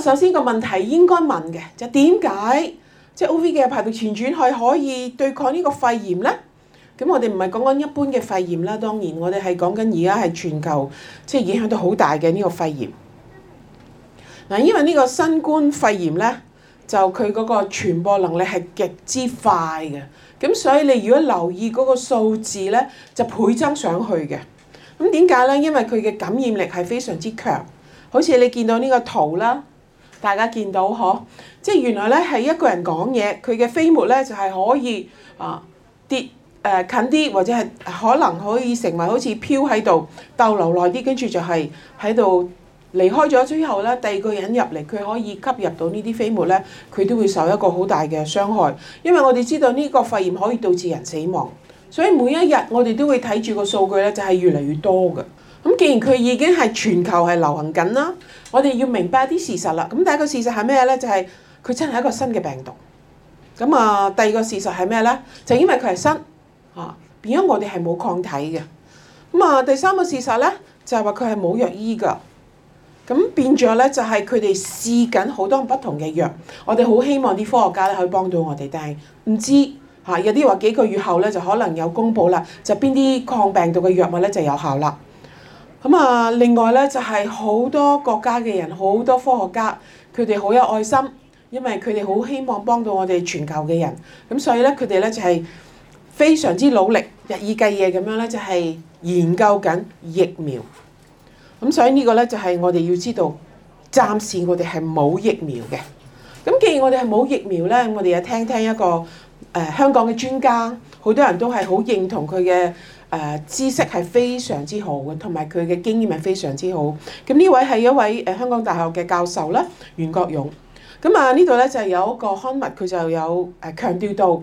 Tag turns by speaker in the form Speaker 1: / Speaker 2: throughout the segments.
Speaker 1: 首先個問題應該問嘅就點解，即係 O V 嘅排毒傳轉去可以對抗呢個肺炎呢？咁我哋唔係講緊一般嘅肺炎啦，當然我哋係講緊而家係全球即係影響到好大嘅呢個肺炎嗱。因為呢個新冠肺炎呢，就佢嗰個傳播能力係極之快嘅，咁所以你如果留意嗰個數字呢，就倍增上去嘅。咁點解呢？因為佢嘅感染力係非常之強，好似你見到呢個圖啦。大家見到嗬，即係原來咧係一個人講嘢，佢嘅飛沫咧就係可以啊跌誒近啲，或者係可能可以成為好似飄喺度逗留耐啲，跟住就係喺度離開咗之後咧，第二個人入嚟，佢可以吸入到呢啲飛沫咧，佢都會受一個好大嘅傷害，因為我哋知道呢個肺炎可以導致人死亡，所以每一日我哋都會睇住個數據咧，就係越嚟越多嘅。咁既然佢已經係全球係流行緊啦，我哋要明白一啲事實啦。咁第一個事實係咩咧？就係、是、佢真係一個新嘅病毒。咁啊，第二個事實係咩咧？就是、因為佢係新啊，變咗我哋係冇抗體嘅。咁啊，第三個事實咧就係話佢係冇藥醫㗎。咁變咗咧，就係佢哋試緊好多唔同嘅藥。我哋好希望啲科學家咧可以幫到我哋，但係唔知嚇有啲話幾個月後咧就可能有公佈啦，就邊啲抗病毒嘅藥物咧就有效啦。咁啊，另外咧就係好多國家嘅人，好多科學家，佢哋好有愛心，因為佢哋好希望幫到我哋全球嘅人，咁所以咧佢哋咧就係非常之努力，日以繼夜咁樣咧就係研究緊疫苗。咁所以呢個咧就係我哋要知道，暫時我哋係冇疫苗嘅。咁既然我哋係冇疫苗咧，我哋又聽聽一個誒香港嘅專家，好多人都係好認同佢嘅。誒、呃、知識係非常之好嘅，同埋佢嘅經驗係非常之好。咁呢位係一位誒、呃、香港大學嘅教授啦，袁國勇。咁啊呢度咧就有一個刊物，佢就有誒強調到，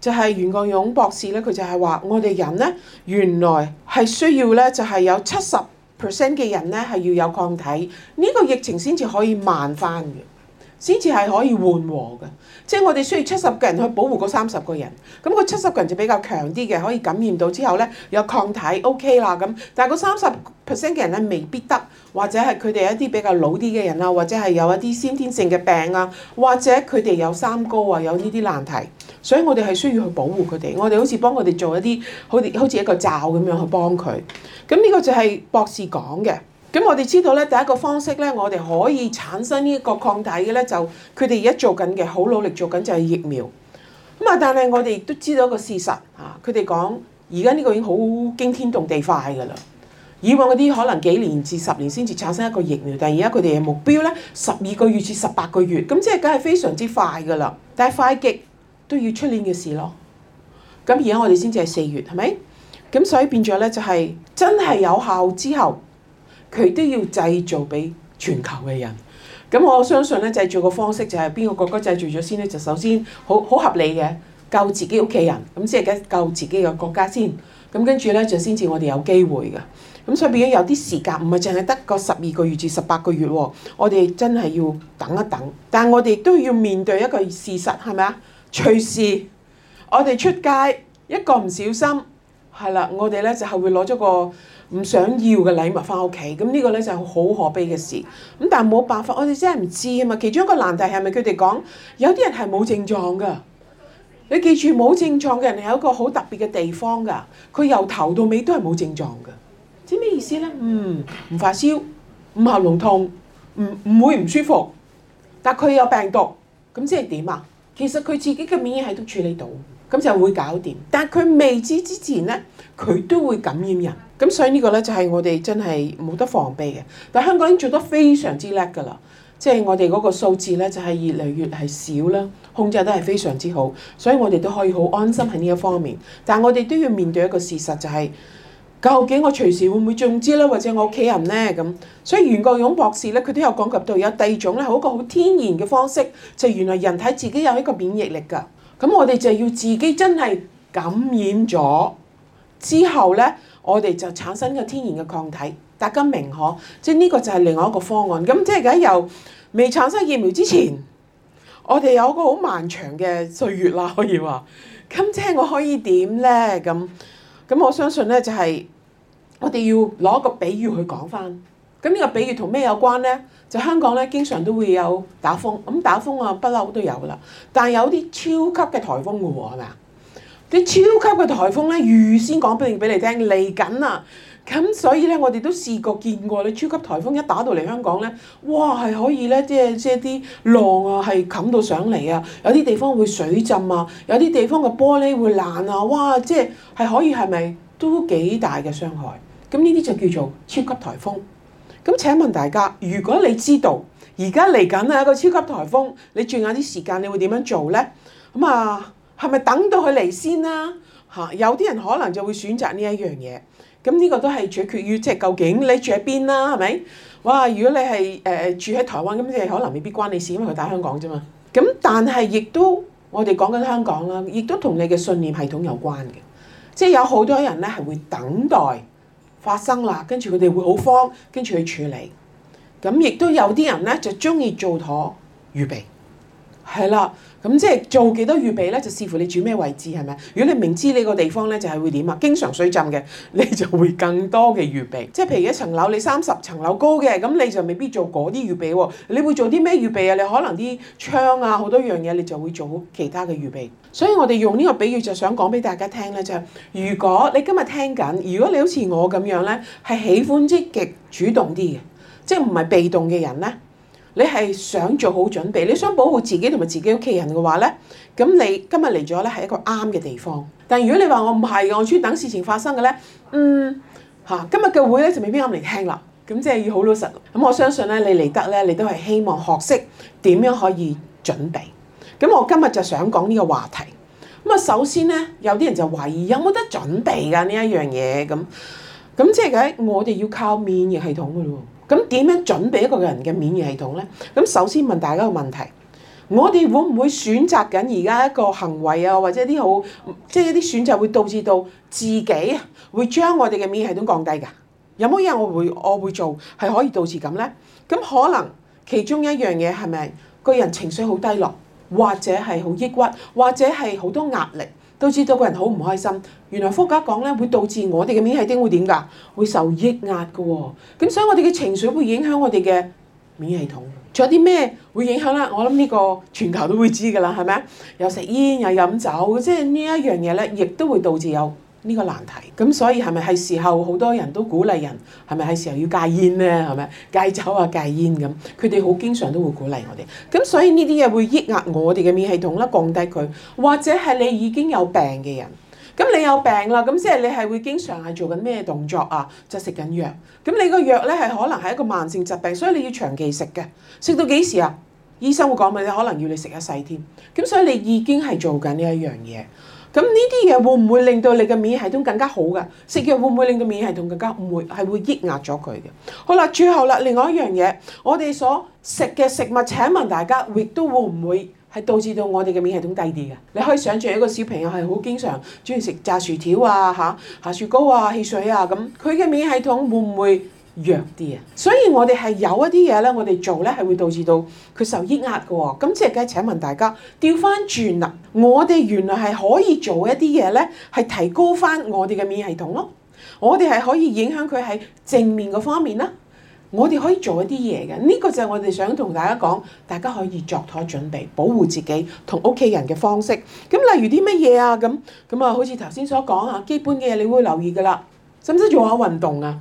Speaker 1: 就係、是、袁國勇博士咧，佢就係話我哋人咧原來係需要咧，就係、是、有七十 percent 嘅人咧係要有抗體，呢、這個疫情先至可以慢返嘅。先至係可以緩和嘅，即係我哋需要七十個人去保護嗰三十個人，咁、嗰個七十個人就比較強啲嘅，可以感染到之後咧有抗體，OK 啦咁。但係嗰三十 percent 嘅人咧未必得，或者係佢哋一啲比較老啲嘅人啊，或者係有一啲先天性嘅病啊，或者佢哋有三高啊，有呢啲難題，所以我哋係需要去保護佢哋，我哋好似幫佢哋做一啲，好似好似一個罩咁樣去幫佢。咁呢個就係博士講嘅。咁我哋知道咧，第一個方式咧，我哋可以產生呢一個抗體嘅咧，就佢哋而家做緊嘅好努力做緊就係疫苗咁啊。但係我哋都知道一個事實嚇，佢哋講而家呢個已經好驚天動地快噶啦。以往嗰啲可能幾年至十年先至產生一個疫苗，但而家佢哋嘅目標咧十二個月至十八個月，咁即係梗係非常之快噶啦。但係快極都要出年嘅事咯。咁而家我哋先至係四月，係咪咁？所以變咗咧，就係真係有效之後。佢都要製造俾全球嘅人，咁我相信咧，製造嘅方式就係邊個國家製造咗先咧？就首先好好合理嘅，救自己屋企人咁即係救救自己嘅國家先。咁跟住咧就先至我哋有機會嘅。咁所以變咗有啲時間唔係淨係得個十二個月至十八個月喎，我哋真係要等一等。但係我哋都要面對一個事實，係咪啊？隨時我哋出街一個唔小心，係啦，我哋咧就係會攞咗個唔想要嘅禮物翻屋企，咁呢個咧就係好可悲嘅事。咁但係冇辦法，我哋真係唔知啊嘛。其中一個難題係咪佢哋講有啲人係冇症狀㗎？你記住，冇症狀嘅人係一個好特別嘅地方㗎。佢由頭到尾都係冇症狀㗎。知咩意思咧？嗯，唔發燒，唔喉嚨痛，唔唔會唔舒服，但佢有病毒，咁即係點啊？其實佢自己嘅免疫喺度處理到，咁就會搞掂。但係佢未知之前咧，佢都會感染人。咁所以呢個咧就係我哋真係冇得防備嘅，但香港已經做得非常之叻㗎啦，即係我哋嗰個數字咧就係越嚟越係少啦，控制得係非常之好，所以我哋都可以好安心喺呢一方面。但係我哋都要面對一個事實，就係究竟我隨時會唔會中招咧，或者我屋企人咧咁。所以袁國勇博士咧，佢都有講及到有第二種咧，係一個好天然嘅方式，就係原來人體自己有一個免疫力㗎。咁我哋就要自己真係感染咗之後咧。我哋就產生個天然嘅抗體，大家明可。即係呢個就係另外一個方案。咁即係喺由未產生疫苗之前，我哋有一個好漫長嘅歲月啦，可以話。咁即係我可以點咧？咁咁我相信咧，就係我哋要攞一個比喻去講翻。咁呢個比喻同咩有關咧？就香港咧，經常都會有打風。咁打風啊，不嬲都有啦。但係有啲超級嘅台風嘅喎，係咪啊？啲超級嘅颱風咧，預先講俾你俾你聽，嚟緊啊！咁所以咧，我哋都試過見過，你超級颱風一打到嚟香港咧，哇，係可以咧，即係即係啲浪啊，係冚到上嚟啊！有啲地方會水浸啊，有啲地方個玻璃會爛啊！哇，即係係可以係咪都幾大嘅傷害？咁呢啲就叫做超級颱風。咁請問大家，如果你知道而家嚟緊啊一個超級颱風，你仲有啲時間，你會點樣做咧？咁啊？係咪等到佢嚟先啦？嚇，有啲人可能就會選擇呢一樣嘢。咁呢個都係取決於即係究竟你住喺邊啦，係咪？哇！如果你係誒、呃、住喺台灣，咁即係可能未必關你事，因為佢打香港啫嘛。咁但係亦都我哋講緊香港啦，亦都同你嘅信念系統有關嘅。即係有好多人咧係會等待發生啦，跟住佢哋會好慌，跟住去處理。咁亦都有啲人咧就中意做妥預備。係啦，咁即係做幾多預備呢？就視乎你住咩位置，係咪？如果你明知呢個地方呢，就係會點啊，經常水浸嘅，你就會更多嘅預備。即係譬如一層樓，你三十層樓高嘅，咁你就未必做嗰啲預備喎。你會做啲咩預備啊？你可能啲窗啊，好多樣嘢，你就會做其他嘅預備。所以我哋用呢個比喻就想講俾大家聽呢。就係、是、如果你今日聽緊，如果你好似我咁樣呢，係喜歡積極主動啲嘅，即係唔係被動嘅人呢。你係想做好準備，你想保護自己同埋自己屋企人嘅話咧，咁你今日嚟咗咧，係一個啱嘅地方。但如果你話我唔係，我專等事情發生嘅咧，嗯嚇，今日嘅會咧就未必咁嚟聽啦。咁即係要好老實。咁我相信咧，你嚟得咧，你都係希望學識點樣可以準備。咁我今日就想講呢個話題。咁啊，首先咧有啲人就懷疑有冇得準備㗎呢一樣嘢。咁咁即係解，我哋要靠免疫系統嘅咯。咁點樣準備一個人嘅免疫系統咧？咁首先問大家個問題，我哋會唔會選擇緊而家一個行為啊，或者啲好即係啲選擇會導致到自己會將我哋嘅免疫系統降低㗎？有冇嘢我會我會做係可以導致咁咧？咁可能其中一樣嘢係咪個人情緒好低落，或者係好抑鬱，或者係好多壓力？都知道個人好唔開心，原來科學講呢，會導致我哋嘅免疫系統會點㗎？會受抑壓嘅喎、哦。咁所以我哋嘅情緒會影響我哋嘅免疫系統。仲有啲咩會影響呢？我諗呢個全球都會知㗎啦，係咪啊？又食煙又飲酒，即係呢一樣嘢呢，亦都會導致有。呢個難題，咁所以係咪係時候好多人都鼓勵人係咪係時候要戒煙呢？係咪戒酒啊、戒煙咁？佢哋好經常都會鼓勵我哋。咁所以呢啲嘢會抑壓我哋嘅免疫系統啦，降低佢。或者係你已經有病嘅人，咁你有病啦，咁即係你係會經常係做緊咩動作啊？就食緊藥，咁你個藥呢係可能係一個慢性疾病，所以你要長期食嘅，食到幾時啊？醫生會講俾你，可能要你食一世添。咁所以你已經係做緊呢一樣嘢。咁呢啲嘢會唔會令到你嘅免疫系統更加好㗎？食藥會唔會令到免疫系統更加？唔會係會抑壓咗佢嘅。好啦，最後啦，另外一樣嘢，我哋所食嘅食物，請問大家，亦都會唔會係導致到我哋嘅免疫系統低啲嘅？你可以想像一個小朋友係好經常中意食炸薯條啊、嚇、啊、下雪糕啊、汽水啊咁，佢嘅免疫系統會唔會？弱啲啊，所以我哋係有一啲嘢咧，我哋做咧係會導致到佢受抑壓嘅喎。咁即係，梗係請問大家調翻轉啦，我哋原來係可以做一啲嘢咧，係提高翻我哋嘅免疫系統咯。我哋係可以影響佢喺正面嘅方面啦。我哋可以做一啲嘢嘅，呢個就係我哋想同大家講，大家可以作妥準備，保護自己同屋企人嘅方式。咁例如啲乜嘢啊？咁咁啊，好似頭先所講啊，基本嘅嘢你會留意噶啦。使唔使做下運動啊？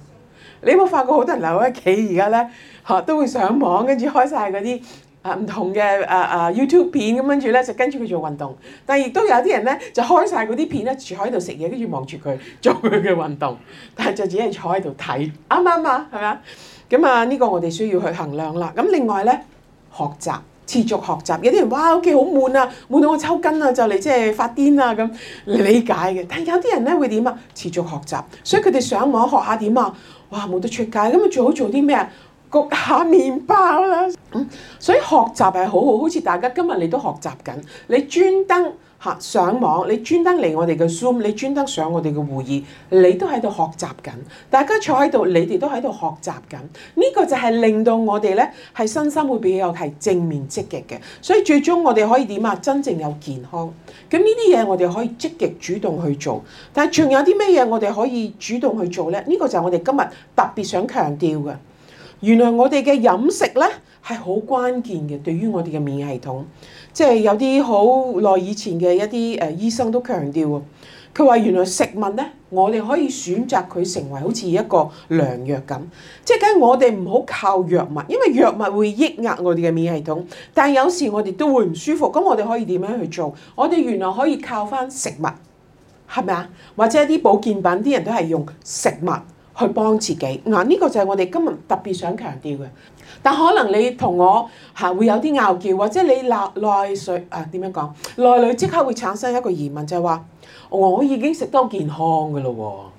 Speaker 1: 你有冇發覺好多人留喺屋企而家咧，嚇、啊、都會上網，跟住開晒嗰啲啊唔同嘅啊啊 YouTube 片咁，跟住咧就跟住佢做運動，但係亦都有啲人咧就開晒嗰啲片，咧坐喺度食嘢，跟住望住佢做佢嘅運動，但係就只係坐喺度睇啱唔啱啊？係咪啊？咁啊呢個我哋需要去衡量啦。咁另外咧學習持續學習，有啲人哇屋企好悶啊，悶到我抽筋啊，就嚟即係發癲啊咁理解嘅。但係有啲人咧會點啊？持續學習，所以佢哋上網學下點啊。哇！冇得出街，咁咪最好做啲咩啊？焗下麵包啦，嗯，所以學習係好好，好似大家今日你都學習緊，你專登。嚇上網，你專登嚟我哋嘅 Zoom，你專登上我哋嘅會議，你都喺度學習緊。大家坐喺度，你哋都喺度學習緊。呢個就係令到我哋咧係身心會比較係正面積極嘅。所以最終我哋可以點啊？真正有健康。咁呢啲嘢我哋可以積極主動去做。但係仲有啲咩嘢我哋可以主動去做咧？呢個就係我哋今日特別想強調嘅。原來我哋嘅飲食咧。係好關鍵嘅，對於我哋嘅免疫系統，即係有啲好耐以前嘅一啲誒醫生都強調，佢話原來食物咧，我哋可以選擇佢成為好似一個良藥咁。即係梗係我哋唔好靠藥物，因為藥物會抑壓我哋嘅免疫系統。但係有時我哋都會唔舒服，咁我哋可以點樣去做？我哋原來可以靠返食物，係咪啊？或者一啲保健品，啲人都係用食物。去幫自己，嗱、這、呢個就係我哋今日特別想強調嘅。但可能你同我嚇會有啲拗撬，或者你內內水啊點樣講，內裏即刻會產生一個疑問，就係、是、話我已經食多健康嘅咯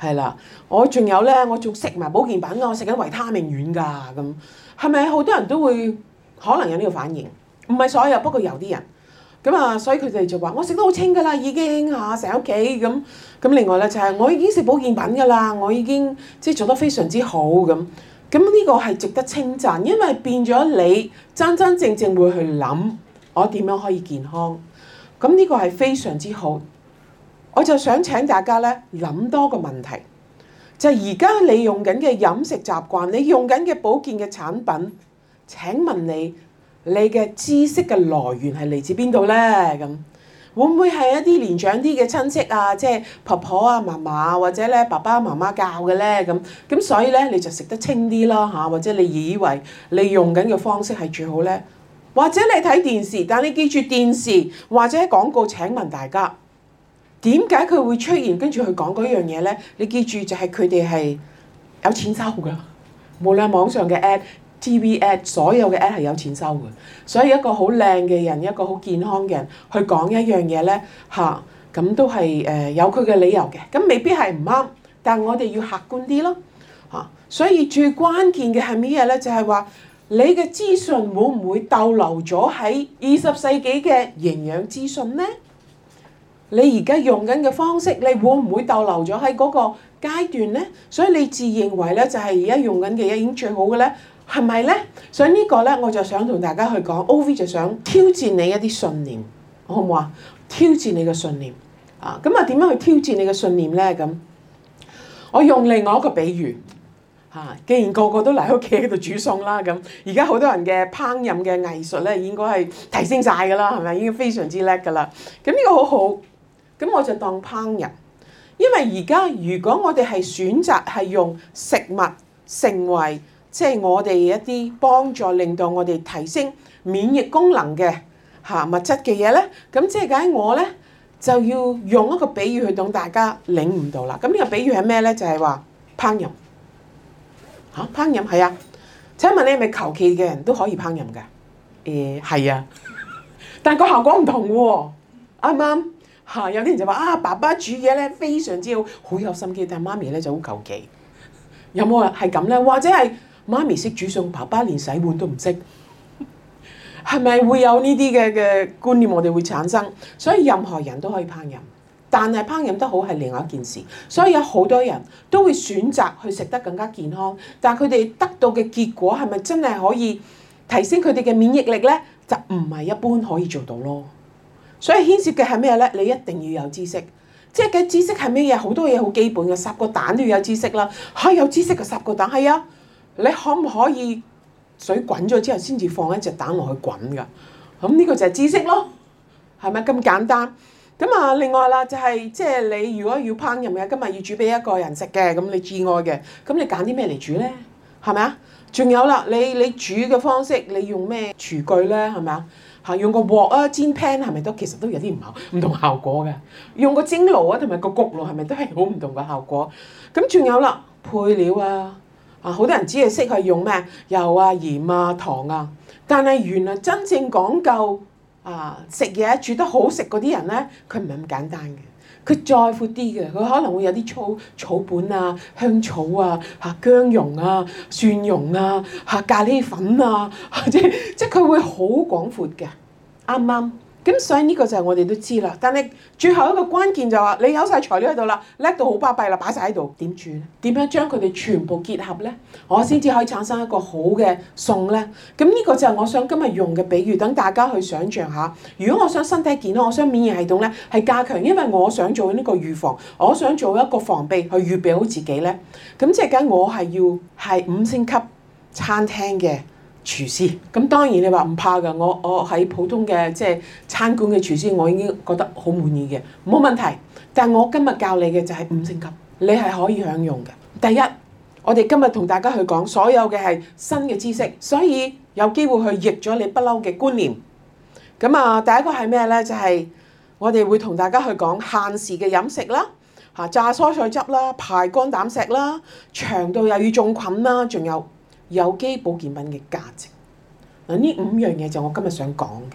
Speaker 1: 喎，係啦，我仲有咧，我仲食埋保健品啊，我食緊維他命丸㗎咁，係咪好多人都會可能有呢個反應？唔係所有，不過有啲人。咁啊，所以佢哋就話：我食得好清㗎啦，已經嚇、啊，成屋企咁。咁另外咧就係、是、我已經食保健品㗎啦，我已經即係、就是、做得非常之好咁。咁呢個係值得稱讚，因為變咗你真真正正會去諗我點樣可以健康。咁呢個係非常之好。我就想請大家咧諗多個問題，就係而家你用緊嘅飲食習慣，你用緊嘅保健嘅產品。請問你？你嘅知識嘅來源係嚟自邊度呢？咁會唔會係一啲年長啲嘅親戚啊，即係婆婆啊、媽媽或者咧爸爸媽媽教嘅呢？咁咁所以呢，你就食得清啲啦嚇，或者你以為你用緊嘅方式係最好的呢？或者你睇電視，但你記住電視或者廣告。請問大家點解佢會出現跟住去講嗰樣嘢呢，你記住就係佢哋係有錢收噶，無論網上嘅 App TV ad 所有嘅 ad 係有錢收嘅，所以一個好靚嘅人，一個好健康嘅人去講一樣嘢咧，嚇、啊、咁都係誒、呃、有佢嘅理由嘅，咁未必係唔啱，但係我哋要客觀啲咯，嚇、啊。所以最關鍵嘅係咩嘢咧？就係、是、話你嘅資訊會唔會逗留咗喺二十世紀嘅營養資訊咧？你而家用緊嘅方式，你會唔會逗留咗喺嗰個階段咧？所以你自認為咧就係而家用緊嘅嘢已經最好嘅咧？係咪咧？所以呢個咧，我就想同大家去講 O V，就想挑戰你一啲信念，好唔好啊？挑戰你嘅信念啊！咁啊，點樣去挑戰你嘅信念咧？咁我用另外一個比喻嚇，啊，既然個個都嚟屋企喺度煮餸啦，咁而家好多人嘅烹飪嘅藝術咧，應該係提升晒㗎喇，係咪已經非常之叻㗎喇？咁呢個好好咁，咁我就當烹飪，因為而家如果我哋係選擇係用食物成為。即係我哋一啲幫助令到我哋提升免疫功能嘅嚇物質嘅嘢咧，咁即係解我咧就要用一個比喻去等大家領悟到啦。咁呢個比喻係咩咧？就係、是、話烹飪嚇、啊、烹飪係啊。請問你係咪求其嘅人都可以烹飪噶？誒、嗯、係啊， 但係個效果唔同喎。啱啱嚇？有啲人就話啊，爸爸煮嘢咧非常之好，好有心機，但係媽咪咧就好求其。有冇人係咁咧，或者係？媽咪識煮餸，爸爸連洗碗都唔識，係 咪會有呢啲嘅嘅觀念？我哋會產生，所以任何人都可以烹飪，但係烹飪得好係另外一件事。所以有好多人都會選擇去食得更加健康，但係佢哋得到嘅結果係咪真係可以提升佢哋嘅免疫力呢？就唔係一般可以做到咯。所以牽涉嘅係咩呢？你一定要有知識，即係嘅知識係咩嘢？好多嘢好基本嘅，烚個蛋都要有知識啦。嚇，有知識就烚個蛋，係啊。你可唔可以水滾咗之後先至放一隻蛋落去滾噶？咁呢個就係知識咯，係咪咁簡單？咁啊，另外啦，就係，即係你如果要烹飪嘅，今日要煮俾一個人食嘅，咁你至愛嘅，咁你揀啲咩嚟煮咧？係咪啊？仲有啦，你你煮嘅方式，你用咩廚具咧？係咪啊？嚇，用個鑊啊，煎 pan 係咪都其實都有啲唔同唔同效果嘅？用個蒸爐啊，同埋個焗爐係咪都係好唔同嘅效果？咁仲有啦，配料啊。啊！好多人只係識係用咩油啊、鹽啊、糖啊，但係原來真正講究啊食嘢煮得好食嗰啲人呢，佢唔係咁簡單嘅，佢再闊啲嘅，佢可能會有啲草草本啊、香草啊、嚇、啊、薑蓉啊、蒜蓉啊、啊咖喱粉啊，啊即即佢會好廣闊嘅，啱唔啱？咁所以呢個就係我哋都知啦，但係最後一個關鍵就係話你有晒材料喺度啦，叻到好巴閉啦，擺晒喺度，點轉？點樣將佢哋全部結合咧，我先至可以產生一個好嘅餸咧。咁呢個就係我想今日用嘅比喻，等大家去想像下。如果我想身體健康，我想免疫系統咧係加強，因為我想做呢個預防，我想做一個防備去預備好自己咧。咁即係梗我係要係五星級餐廳嘅。廚師，咁當然你話唔怕嘅，我我喺普通嘅即係餐館嘅廚師，我已經覺得好滿意嘅，冇問題。但我今日教你嘅就係五星級，你係可以享用嘅。第一，我哋今日同大家去講所有嘅係新嘅知識，所以有機會去逆咗你不嬲嘅觀念。咁啊，第一個係咩呢？就係我哋會同大家去講限時嘅飲食啦，榨蔬菜汁啦，排肝膽石啦，腸道又要種菌啦，仲有。有機保健品嘅價值嗱，呢五樣嘢就我今日想講嘅，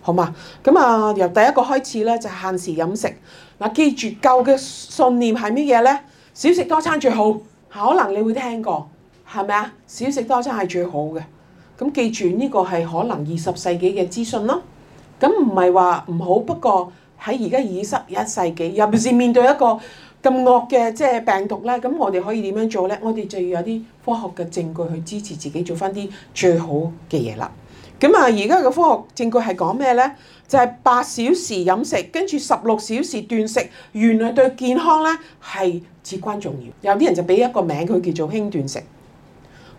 Speaker 1: 好嘛？咁啊，由第一個開始咧，就限時飲食。嗱，記住舊嘅信念係乜嘢咧？少食多餐最好，可能你會聽過，係咪啊？少食多餐係最好嘅。咁記住呢個係可能二十世紀嘅資訊咯。咁唔係話唔好，不過喺而家二十一世紀，尤其是面對一個咁惡嘅即係病毒咧，咁我哋可以點樣做咧？我哋就要有啲科學嘅證據去支持自己做翻啲最好嘅嘢啦。咁啊，而家嘅科學證據係講咩咧？就係八小時飲食，跟住十六小時斷食，原來對健康咧係至關重要。有啲人就俾一個名佢叫做輕斷食。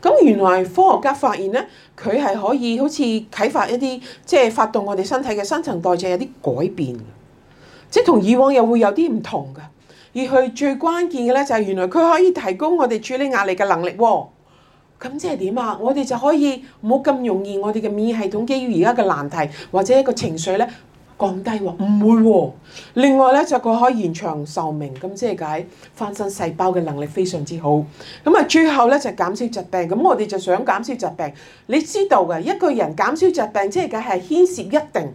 Speaker 1: 咁原來科學家發現咧，佢係可以好似啟發一啲即係發動我哋身體嘅新陳代謝有啲改變，即係同以往又會有啲唔同嘅。而去最關鍵嘅咧，就係原來佢可以提供我哋處理壓力嘅能力喎，咁即係點啊？我哋就可以冇咁容易我哋嘅免疫系統基於而家嘅難題或者一個情緒咧降低喎，唔會喎。另外咧，就佢可以延長壽命，咁即係解翻身細胞嘅能力非常之好。咁啊最後咧，就減少疾病，咁我哋就想減少疾病。你知道嘅一個人減少疾病，即係解係牽涉一定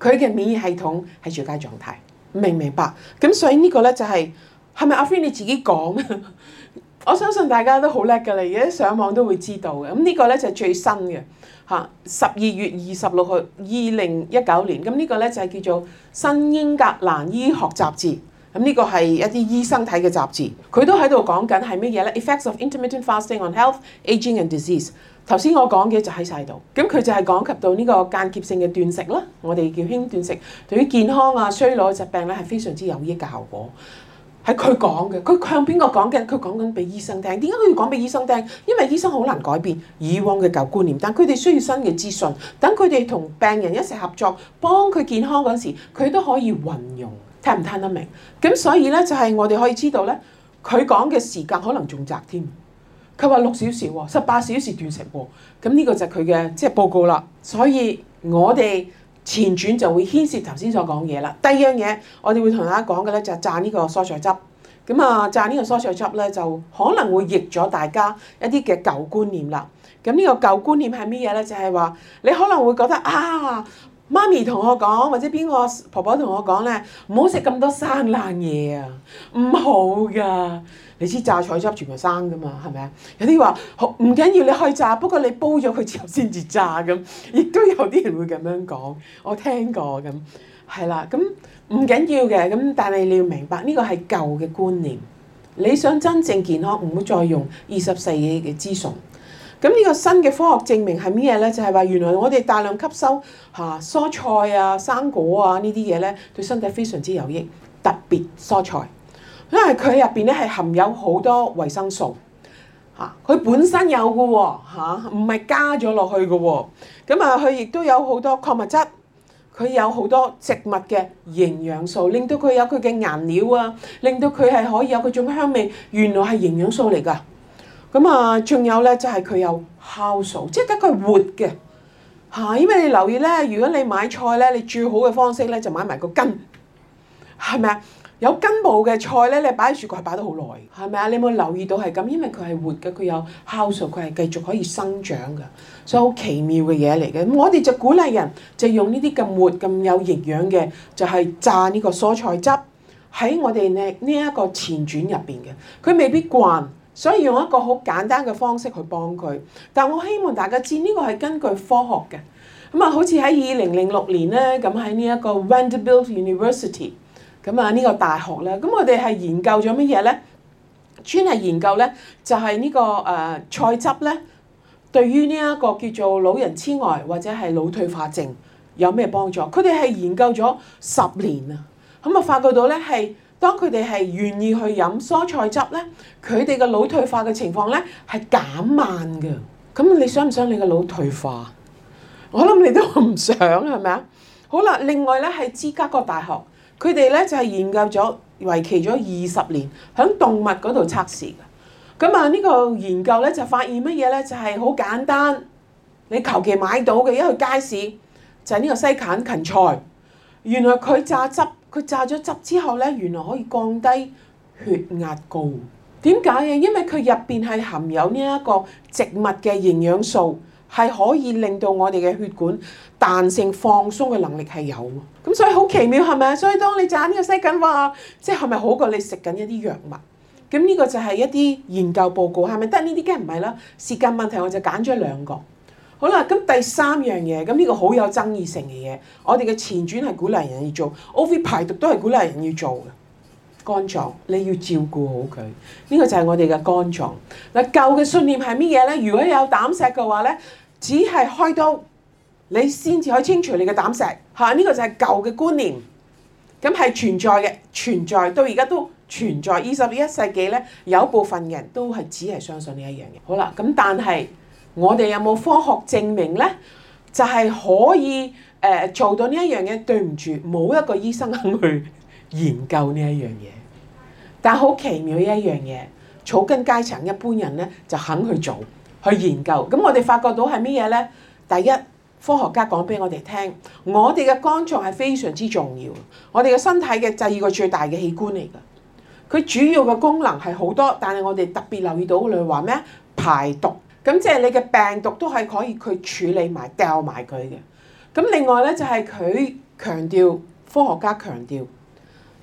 Speaker 1: 佢嘅免疫系統係最佳狀態。明唔明白，咁所以呢個呢、就係，就係係咪阿 f r 菲你自己講？ 我相信大家都好叻㗎啦，而家上網都會知道嘅。咁呢個呢，就係最新嘅，嚇十二月二十六號二零一九年。咁呢個呢，就係叫做《新英格蘭醫學雜誌》。咁呢個係一啲醫生睇嘅雜誌，佢都喺度講緊係乜嘢呢？Effects of intermittent fasting on health, aging and disease。 頭先我講嘅就喺晒度，咁佢就係講及到呢個間歇性嘅斷食啦，我哋叫輕斷食，對於健康啊、衰老嘅疾病咧係非常之有益嘅效果。係佢講嘅，佢向邊個講嘅？佢講緊俾醫生聽。點解佢要講俾醫生聽？因為醫生好難改變以往嘅舊觀念，但佢哋需要新嘅資訊。等佢哋同病人一齊合作，幫佢健康嗰時，佢都可以運用。聽唔聽得明？咁所以咧就係我哋可以知道咧，佢講嘅時間可能仲窄添。佢話六小時喎，十八小時斷食喎，咁呢個就係佢嘅即係報告啦。所以我哋前傳就會牽涉頭先所講嘢啦。第二樣嘢，我哋會同大家講嘅咧就係榨呢個蔬菜汁。咁啊，榨呢個蔬菜汁咧就可能會逆咗大家一啲嘅舊觀念啦。咁呢個舊觀念係咩嘢咧？就係話你可能會覺得啊，媽咪同我講，或者邊個婆婆同我講咧，唔好食咁多生冷嘢啊，唔好㗎。你知榨菜汁全部生噶嘛，係咪啊？有啲話唔緊要，你可以榨，不過你煲咗佢之後先至榨咁，亦都有啲人會咁樣講，我聽過咁係啦，咁唔緊要嘅，咁但係你要明白呢個係舊嘅觀念。你想真正健康唔好再用二十世紀嘅資訊。咁呢個新嘅科學證明係咩咧？就係話原來我哋大量吸收吓蔬菜啊、生果啊呢啲嘢咧，對身體非常之有益，特別蔬菜。因為佢入邊咧，係含有好多維生素，吓，佢本身有嘅，吓，唔係加咗落去嘅，咁啊，佢亦都有好多礦物質，佢有好多植物嘅營養素，令到佢有佢嘅顏料啊，令到佢係可以有佢種香味，原來係營養素嚟噶，咁啊，仲有咧就係佢有酵素，即係佢係活嘅，吓，因為你留意咧，如果你買菜咧，你最好嘅方式咧就買埋個根，係咪啊？有根部嘅菜咧，你擺喺雪櫃係擺得好耐嘅，係咪啊？你有冇留意到係咁？因為佢係活嘅，佢有酵素，佢係繼續可以生長嘅，所以好奇妙嘅嘢嚟嘅。咁我哋就鼓勵人就用呢啲咁活、咁有營養嘅，就係榨呢個蔬菜汁喺我哋呢呢一個前轉入邊嘅，佢未必慣，所以用一個好簡單嘅方式去幫佢。但我希望大家知呢個係根據科學嘅咁啊，好似喺二零零六年咧，咁喺呢一個 Vanderbilt University。咁啊呢個大學咧，咁我哋係研究咗乜嘢咧？專係研究咧，就係呢個誒菜汁咧，對於呢一個叫做老人痴呆或者係腦退化症有咩幫助？佢哋係研究咗十年啊，咁啊發覺到咧係當佢哋係願意去飲蔬菜汁咧，佢哋嘅腦退化嘅情況咧係減慢嘅。咁你想唔想你嘅腦退化？我諗你都唔想係咪啊？好啦，另外咧係芝加哥大學。佢哋咧就係、是、研究咗為期咗二十年，喺動物嗰度測試。咁啊，呢個研究咧就發現乜嘢咧？就係、是、好簡單，你求其買到嘅一去街市就係、是、呢個西芹芹菜。原來佢榨汁，佢榨咗汁之後咧，原來可以降低血壓高。點解嘅？因為佢入邊係含有呢一個植物嘅營養素，係可以令到我哋嘅血管彈性放鬆嘅能力係有，咁所以好奇妙係咪啊？所以當你就呢個西芹話，即係咪好過你食緊一啲藥物？咁呢個就係一啲研究報告，係咪得呢啲？梗唔係啦？時間問題，我就揀咗兩個好了。好啦，咁第三樣嘢，咁呢個好有爭議性嘅嘢，我哋嘅前傳係鼓勵人要做 O V 排毒，都係鼓勵人要做嘅。肝臟你要照顧好佢，OK，呢個就係我哋嘅肝臟。嗱舊嘅信念係乜嘢咧？如果有膽石嘅話咧？只係開刀，你先至可以清除你嘅膽石。嚇、啊，呢、這個就係舊嘅觀念，咁係存在嘅，存在到而家都存在。二十一世紀呢，有部分人都係只係相信呢一樣嘢。好啦，咁但係我哋有冇科學證明呢？就係、是、可以誒、呃、做到呢一樣嘢？對唔住，冇一個醫生肯去研究呢一樣嘢。但好奇妙一樣嘢，草根階層一般人呢，就肯去做。去研究，咁我哋發覺到係咩嘢呢？第一，科學家講俾我哋聽，我哋嘅肝臟係非常之重要，我哋嘅身體嘅第二個最大嘅器官嚟㗎。佢主要嘅功能係好多，但係我哋特別留意到，你話話咩？排毒，咁即係你嘅病毒都係可以佢處理埋、掉埋佢嘅。咁另外呢，就係、是、佢強調，科學家強調，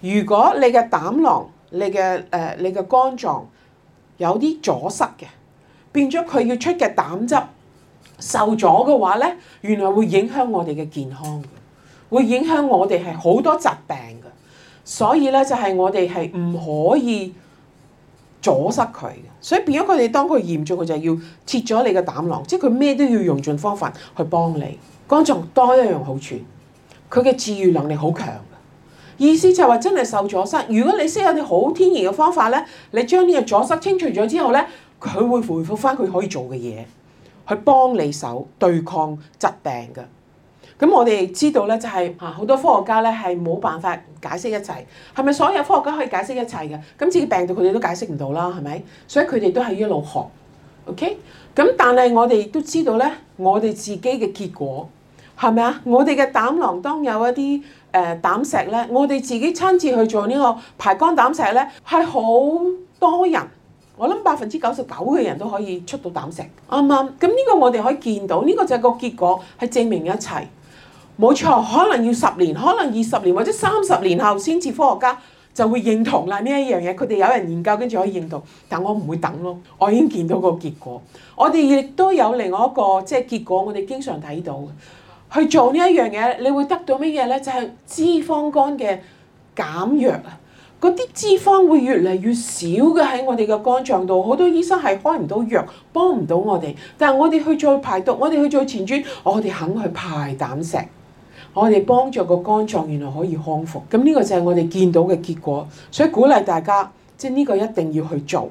Speaker 1: 如果你嘅膽囊、你嘅、呃、你嘅肝臟有啲阻塞嘅。變咗佢要出嘅膽汁受阻嘅話咧，原來會影響我哋嘅健康，會影響我哋係好多疾病嘅。所以咧就係我哋係唔可以阻塞佢嘅。所以變咗佢哋當佢嚴重，佢就係要切咗你嘅膽囊，即係佢咩都要用盡方法去幫你。肝臟多一樣好處，佢嘅治癒能力好強嘅。意思就係話真係受阻塞，如果你識有啲好天然嘅方法咧，你將呢個阻塞清除咗之後咧。佢會回復翻佢可以做嘅嘢，去幫你手對抗疾病嘅。咁我哋知道咧，就係呀好多科學家咧係冇辦法解釋一切。係咪所有科學家可以解釋一切嘅？咁自己病毒，佢哋都解釋唔到啦，係咪？所以佢哋都係一路學。OK，咁但係我哋都知道咧，我哋自己嘅結果係咪啊？我哋嘅膽囊當有一啲誒膽石咧，我哋自己親自去做呢個排肝膽石咧，係好多人。我諗百分之九十九嘅人都可以出到膽石，啱唔啱？咁呢個我哋可以見到，呢個就係個結果，係證明一切。冇錯，可能要十年，可能二十年或者三十年後，先至科學家就會認同啦呢一樣嘢。佢哋有人研究跟住可以認同，但我唔會等咯。我已經見到個結果。我哋亦都有另外一個即係結果，我哋經常睇到。去做呢一樣嘢，你會得到乜嘢呢？就係脂肪肝嘅減弱。嗰啲脂肪會越嚟越少嘅喺我哋嘅肝臟度，好多醫生係開唔到藥，幫唔到我哋。但係我哋去做排毒，我哋去做前轉，我哋肯去排膽石，我哋幫助個肝臟原來可以康復。咁呢個就係我哋見到嘅結果，所以鼓勵大家，即係呢個一定要去做。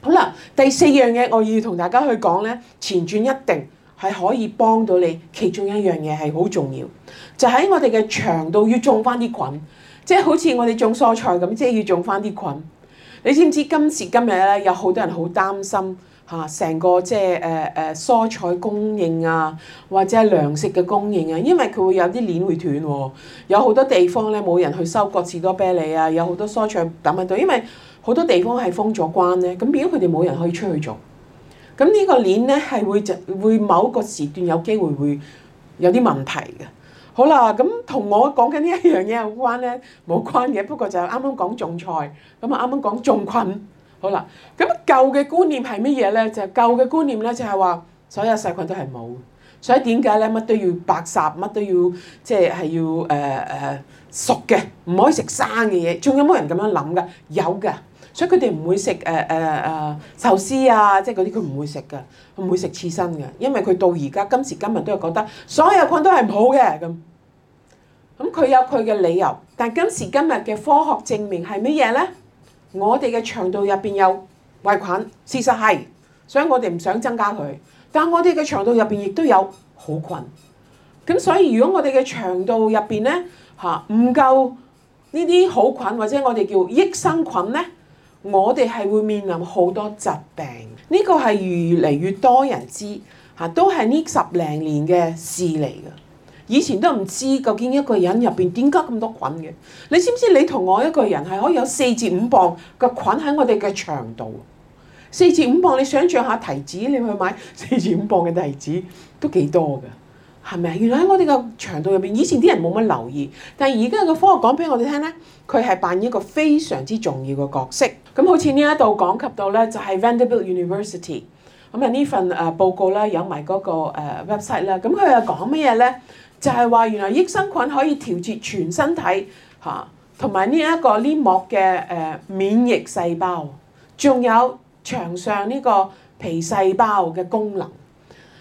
Speaker 1: 好啦，第四樣嘢我要同大家去講呢：前轉一定係可以幫到你。其中一樣嘢係好重要，就喺我哋嘅腸度要種翻啲菌。即係好似我哋種蔬菜咁，即係要種翻啲菌。你知唔知今時今日咧，有好多人好擔心嚇，成、啊、個即係誒誒蔬菜供應啊，或者係糧食嘅供應啊，因為佢會有啲鏈會斷喎、啊。有好多地方咧冇人去收割士多啤梨啊，有好多蔬菜咁啊，都因為好多地方係封咗關咧，咁如果佢哋冇人可以出去做，咁呢個鏈咧係會就會某個時段有機會會有啲問題嘅。好啦，咁同我講緊呢一樣嘢有關咧，冇關嘅。不過就啱啱講種菜，咁啊啱啱講種菌。好啦，咁舊嘅觀念係乜嘢咧？就舊嘅觀念咧，就係話所有細菌都係冇。所以點解咧，乜都要白殺，乜都要即係係要誒誒、呃呃、熟嘅，唔可以食生嘅嘢。仲有冇人咁樣諗噶？有噶。所以佢哋唔會食誒誒誒壽司啊，即係嗰啲佢唔會食嘅，佢唔會食刺身嘅，因為佢到而家今時今日都係覺得所有菌都係唔好嘅，咁。咁佢有佢嘅理由，但今時今日嘅科學證明係乜嘢咧？我哋嘅腸道入邊有壞菌，事實係，所以我哋唔想增加佢。但係我哋嘅腸道入邊亦都有好菌，咁所以如果我哋嘅腸道入邊咧，嚇，唔夠呢啲好菌或者我哋叫益生菌咧？我哋係會面臨好多疾病，呢個係越嚟越多人知，嚇都係呢十零年嘅事嚟嘅。以前都唔知，究竟一個人入邊點解咁多菌嘅？你知唔知？你同我一個人係可以有四至五磅嘅菌喺我哋嘅腸度？四至五磅。你想象一下提子，你去買四至五磅嘅提子都幾多㗎。係咪啊？原來喺我哋個腸道入邊，以前啲人冇乜留意，但係而家個科學講俾我哋聽咧，佢係扮演一個非常之重要嘅角色。咁好似呢一度講及到咧，就係 Vanderbilt University 咁啊。呢份誒報告咧有埋嗰個 website 啦。咁佢又講咩嘢咧？就係話原來益生菌可以調節全身體嚇，同埋呢一個黏膜嘅誒免疫細胞，仲有腸上呢個皮細胞嘅功能。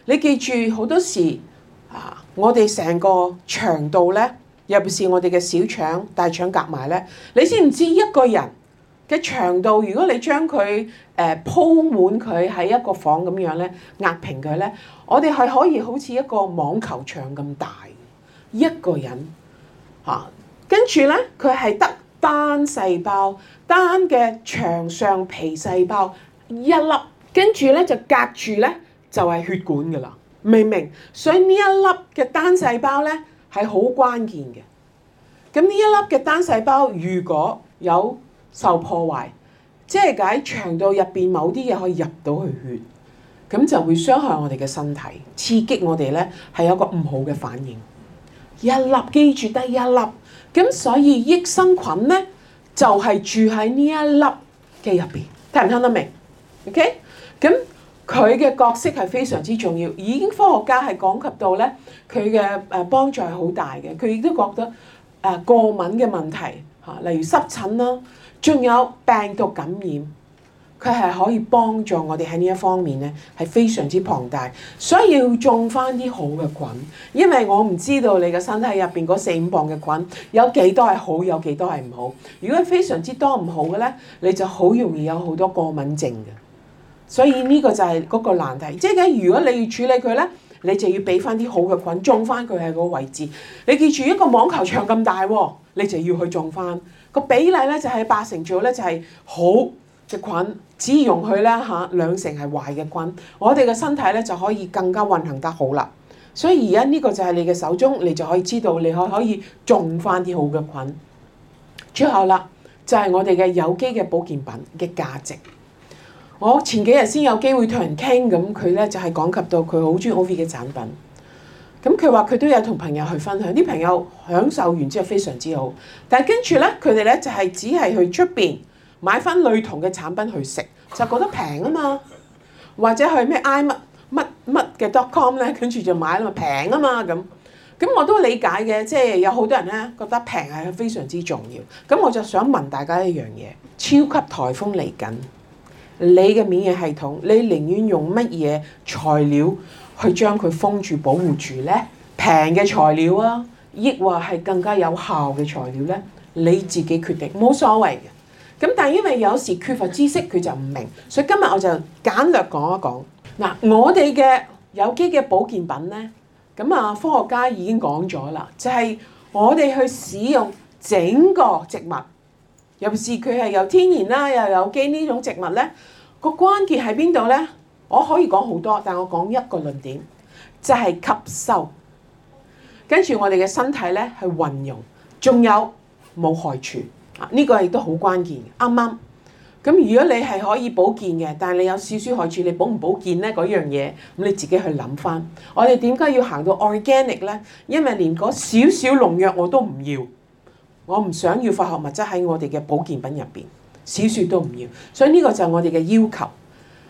Speaker 1: 你記住好多時候。啊！我哋成個腸道咧，尤其是我哋嘅小腸、大腸夾埋咧，你知唔知一個人嘅腸道？如果你將佢誒鋪滿佢喺一個房咁樣咧，壓平佢咧，我哋係可以好似一個網球場咁大一個人啊！跟住咧，佢係得單細胞、單嘅腸上皮細胞一粒，跟住咧就隔住咧就係血管㗎喇。明唔明？所以呢一粒嘅單細胞咧係好關鍵嘅。咁呢一粒嘅單細胞，如果有受破壞，即係喺腸道入邊某啲嘢可以入到去血，咁就會傷害我哋嘅身體，刺激我哋咧係有個唔好嘅反應。一粒記住得一粒，咁所以益生菌咧就係住喺呢一粒嘅入邊，聽唔聽得明？OK？咁。佢嘅角色係非常之重要，已經科學家係講及到咧，佢嘅誒幫助係好大嘅。佢亦都覺得誒過敏嘅問題吓，例如濕疹啦，仲有病毒感染，佢係可以幫助我哋喺呢一方面咧係非常之龐大，所以要種返啲好嘅菌，因為我唔知道你嘅身體入邊嗰四五磅嘅菌有幾多係好，有幾多係唔好。如果非常之多唔好嘅咧，你就好容易有好多過敏症嘅。所以呢個就係嗰個難題，即係如果你要處理佢呢，你就要俾翻啲好嘅菌種翻佢喺個位置。你記住一個網球場咁大，你就要去種翻個比例呢，就係八成左右呢，就係好嘅菌，只容許呢嚇兩成係壞嘅菌。我哋嘅身體呢，就可以更加運行得好啦。所以而家呢個就係你嘅手中，你就可以知道你可可以種翻啲好嘅菌。最後啦，就係我哋嘅有機嘅保健品嘅價值。我前幾日先有機會同人傾，咁佢咧就係講及到佢好中意 O V 嘅產品。咁佢話佢都有同朋友去分享，啲朋友享受完之後非常之好。但係跟住咧，佢哋咧就係只係去出邊買翻類同嘅產品去食，就覺得平啊嘛。或者去咩 i 乜乜乜嘅 dot com 咧，跟住就買啦嘛，平啊嘛咁。咁我都理解嘅，即係有好多人咧覺得平係非常之重要。咁我就想問大家一樣嘢：超級颱風嚟緊。你嘅免疫系統，你寧願用乜嘢材料去將佢封住保護住呢？平嘅材料啊，抑或係更加有效嘅材料呢？你自己決定，冇所謂嘅。咁但係因為有時缺乏知識，佢就唔明。所以今日我就簡略講一講。嗱，我哋嘅有機嘅保健品呢，咁啊科學家已經講咗啦，就係、是、我哋去使用整個植物。尤其是佢係有天然啦，又有機呢種植物咧，個關鍵喺邊度咧？我可以講好多，但我講一個論點，就係、是、吸收，跟住我哋嘅身體咧係運用，仲有冇害處？啊、這個，呢個亦都好關鍵。啱啱咁，如果你係可以保健嘅，但係你有少少害處，你保唔保健咧？嗰樣嘢咁你自己去諗翻。我哋點解要行到 organic 咧？因為連嗰少少農藥我都唔要。我唔想要化學物質喺我哋嘅保健品入邊，少數都唔要，所以呢個就係我哋嘅要求，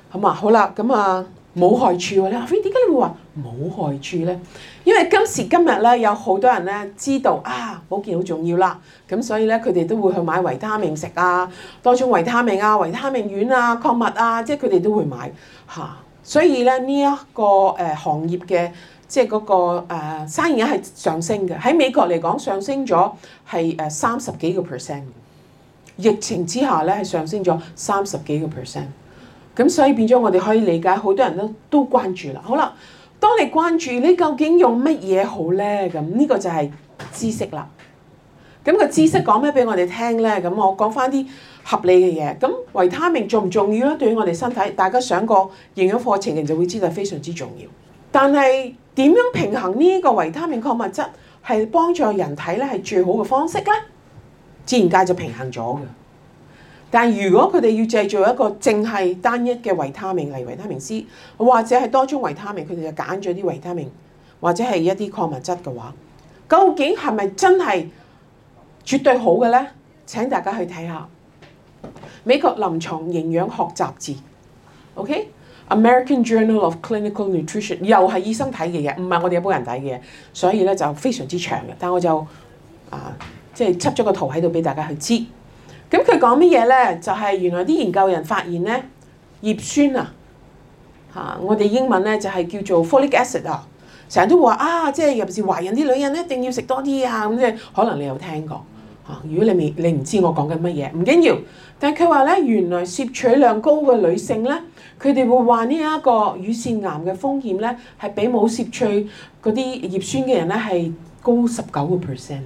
Speaker 1: 好嘛？好啦，咁啊冇害處喎、啊，你話喂點解你會話冇害處呢？因為今時今日咧，有好多人咧知道啊，保健好重要啦，咁所以咧佢哋都會去買維他命食啊，多種維他命啊、維他命丸啊、礦物啊，即係佢哋都會買嚇、啊，所以咧呢一、這個誒、呃、行業嘅。即係、那、嗰個、呃、生意人係上升嘅，喺美國嚟講上升咗係誒三十幾個 percent。疫情之下咧係上升咗三十幾個 percent。咁所以變咗我哋可以理解，好多人都都關注啦。好啦，當你關注，你究竟用乜嘢好咧？咁呢個就係知識啦。咁個知識講咩俾我哋聽咧？咁我講翻啲合理嘅嘢。咁維他命重唔重要咧？對於我哋身體，大家上過營養課程，你就會知道非常之重要。但係。點樣平衡呢個維他命礦物質係幫助人體咧係最好嘅方式咧？自然界就平衡咗嘅。但如果佢哋要製造一個淨係單一嘅維他命，例如維他命 C 或者係多種維他命，佢哋就揀咗啲維他命或者係一啲礦物質嘅話，究竟係咪真係絕對好嘅咧？請大家去睇下《美國臨床營養學雜誌》，OK？American Journal of Clinical Nutrition 又係醫生睇嘅嘢，唔係我哋一般人睇嘅嘢，所以咧就非常之長嘅。但係我就啊，即係執咗個圖喺度俾大家去知。咁佢講乜嘢咧？就係原來啲研究人發現咧，葉酸啊，嚇啊，我哋英文咧就係叫做 folic acid 啊，成日都會話啊，即係尤其是懷孕啲女人一定要食多啲啊，咁即係可能你有聽過嚇啊。如果你未你唔知我講緊乜嘢，唔緊要。但係佢話咧，原來攝取量高嘅女性咧。佢哋會話呢一個乳腺癌嘅風險咧，係比冇攝取嗰啲葉酸嘅人咧係高十九個 percent。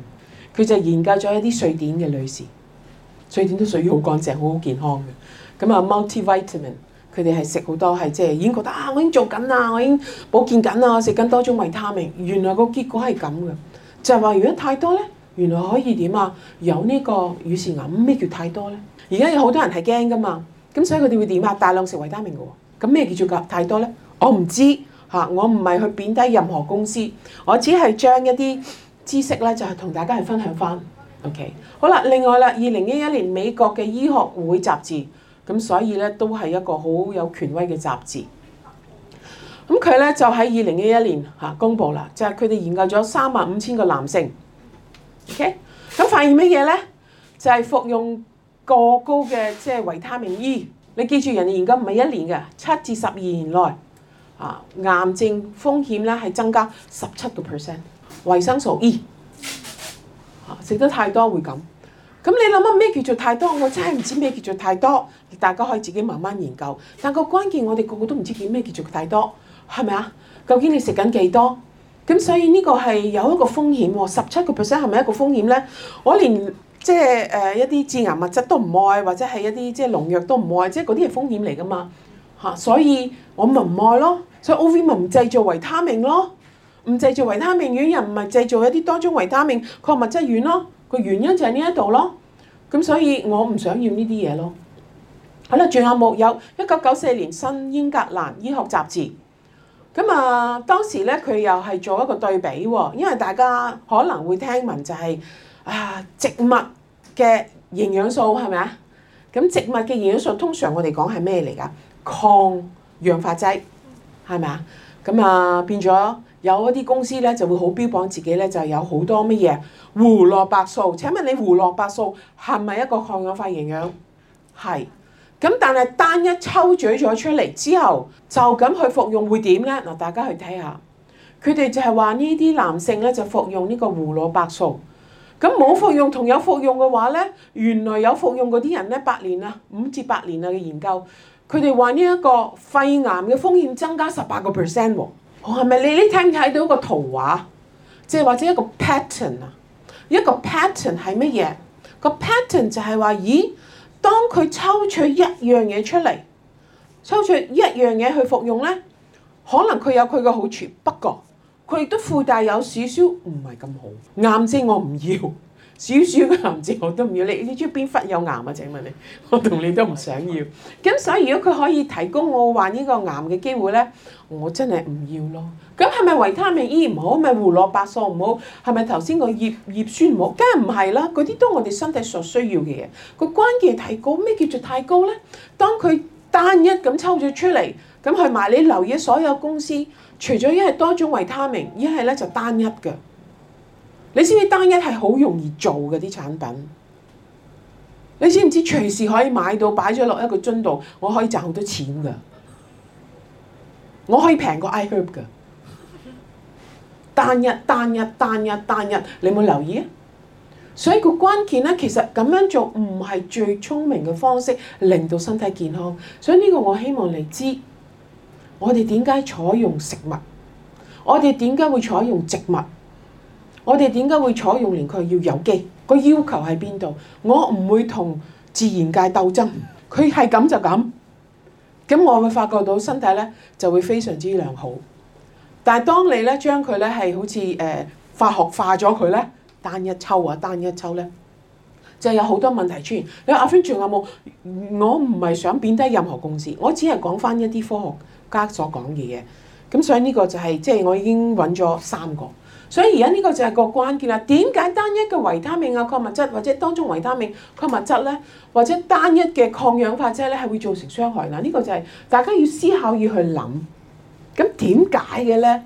Speaker 1: 佢就研究咗一啲瑞典嘅女士，瑞典啲水好乾淨，好好健康嘅。咁啊，multivitamin，佢哋係食好多，係即係已經覺得啊，我已經做緊啦，我已經保健緊啦，我食緊多種維他命。原來個結果係咁嘅，就係話如果太多咧，原來可以點啊？有呢個乳腺癌。咩叫太多咧？而家有好多人係驚噶嘛。咁所以佢哋會點啊？大量食維他命嘅喎，咁咩叫做過太多咧？我唔知吓，我唔係去貶低任何公司，我只係將一啲知識咧就係同大家去分享翻。OK，好啦，另外啦，二零一一年美國嘅醫學會雜誌，咁所以咧都係一個好有權威嘅雜誌。咁佢咧就喺二零一一年吓公布啦，就係佢哋研究咗三萬五千個男性。OK，咁發現乜嘢咧？就係、是、服用。過高嘅即係維他命 E，你記住，人哋研究唔係一年嘅，七至十二年內，啊，癌症風險咧係增加十七個 percent，維生素 E，啊，食得太多會咁。咁你諗下咩叫做太多？我真係唔知咩叫做太多，大家可以自己慢慢研究。但個關鍵我哋個個都唔知叫咩叫做太多，係咪啊？究竟你食緊幾多？咁所以呢個係有一個風險喎，十七個 percent 係咪一個風險咧？我連。即係誒一啲致癌物質都唔愛，或者係一啲即係農藥都唔愛，即係嗰啲係風險嚟噶嘛嚇，所以我咪唔愛咯。所以 O.V. 咪唔製造維他命咯，唔製造維他命丸，又唔係製造一啲多種維他命礦物質丸咯。個原因就喺呢一度咯。咁所以我唔想要呢啲嘢咯。好啦，仲有冇有？一九九四年《新英格蘭醫學雜誌》。咁啊，當時咧佢又係做一個對比喎，因為大家可能會聽聞就係。啊！植物嘅營養素係咪啊？咁植物嘅營養素通常我哋講係咩嚟㗎？抗氧化劑係咪啊？咁啊、呃、變咗有一啲公司咧就會好標榜自己咧就有好多乜嘢胡蘿蔔素。請問你胡蘿蔔素係咪一個抗氧化營養？係。咁，但係單一抽取咗出嚟之後就咁去服用會點呢？嗱，大家去睇下佢哋就係話呢啲男性咧就服用呢個胡蘿蔔素。咁冇服用同有服用嘅話咧，原來有服用嗰啲人咧，八年啊，五至八年啊嘅研究，佢哋話呢一個肺癌嘅風險增加十八個 percent 喎，係咪你呢？聽唔睇到一個圖畫，即係或者一個 pattern 啊，一個 pattern 係乜嘢？個 pattern 就係話，咦，當佢抽取一樣嘢出嚟，抽取一樣嘢去服用咧，可能佢有佢嘅好處，不過，佢亦都附帶有少少唔係咁好，癌症我唔要，少少嘅癌症我都唔要。你你知邊忽有癌啊？請問你，我同你都唔想要。咁 所以如果佢可以提供我患呢個癌嘅機會咧，我真係唔要咯。咁係咪維他命 E 唔好？咪胡蘿蔔素唔好？係咪頭先個葉葉酸唔好？梗係唔係啦。嗰啲都我哋身體所需要嘅嘢。個關鍵提高，咩叫做太高咧？當佢單一咁抽咗出嚟，咁去埋你留意所有公司。除咗一係多種維他命，一係咧就單一嘅。你知唔知單一係好容易做嘅啲產品？你知唔知隨時可以買到擺咗落一個樽度，我可以賺好多錢㗎。我可以平過 iHerb 㗎。彈日彈日彈日彈日，你冇留意啊？所以個關鍵咧，其實咁樣做唔係最聰明嘅方式，令到身體健康。所以呢個我希望你知。我哋點解採用食物？我哋點解會採用植物？我哋點解會採用？連佢要有機，佢要求喺邊度？我唔會同自然界鬥爭，佢係咁就咁。咁我會發覺到身體咧就會非常之良好。但係當你咧將佢咧係好似誒化學化咗佢咧，單一抽啊，單一抽咧，就係有好多問題出現。你 f 阿 a 仲有冇？我唔係想貶低任何共事，我只係講翻一啲科學。家所講嘢嘅，咁所以呢個就係即係我已經揾咗三個，所以而家呢個就係個關鍵啦。點解單一嘅維他命嘅礦物質或者當中維他命礦物質咧，或者單一嘅抗氧化劑咧，係會造成傷害啦。呢個就係大家要思考要去諗，咁點解嘅咧？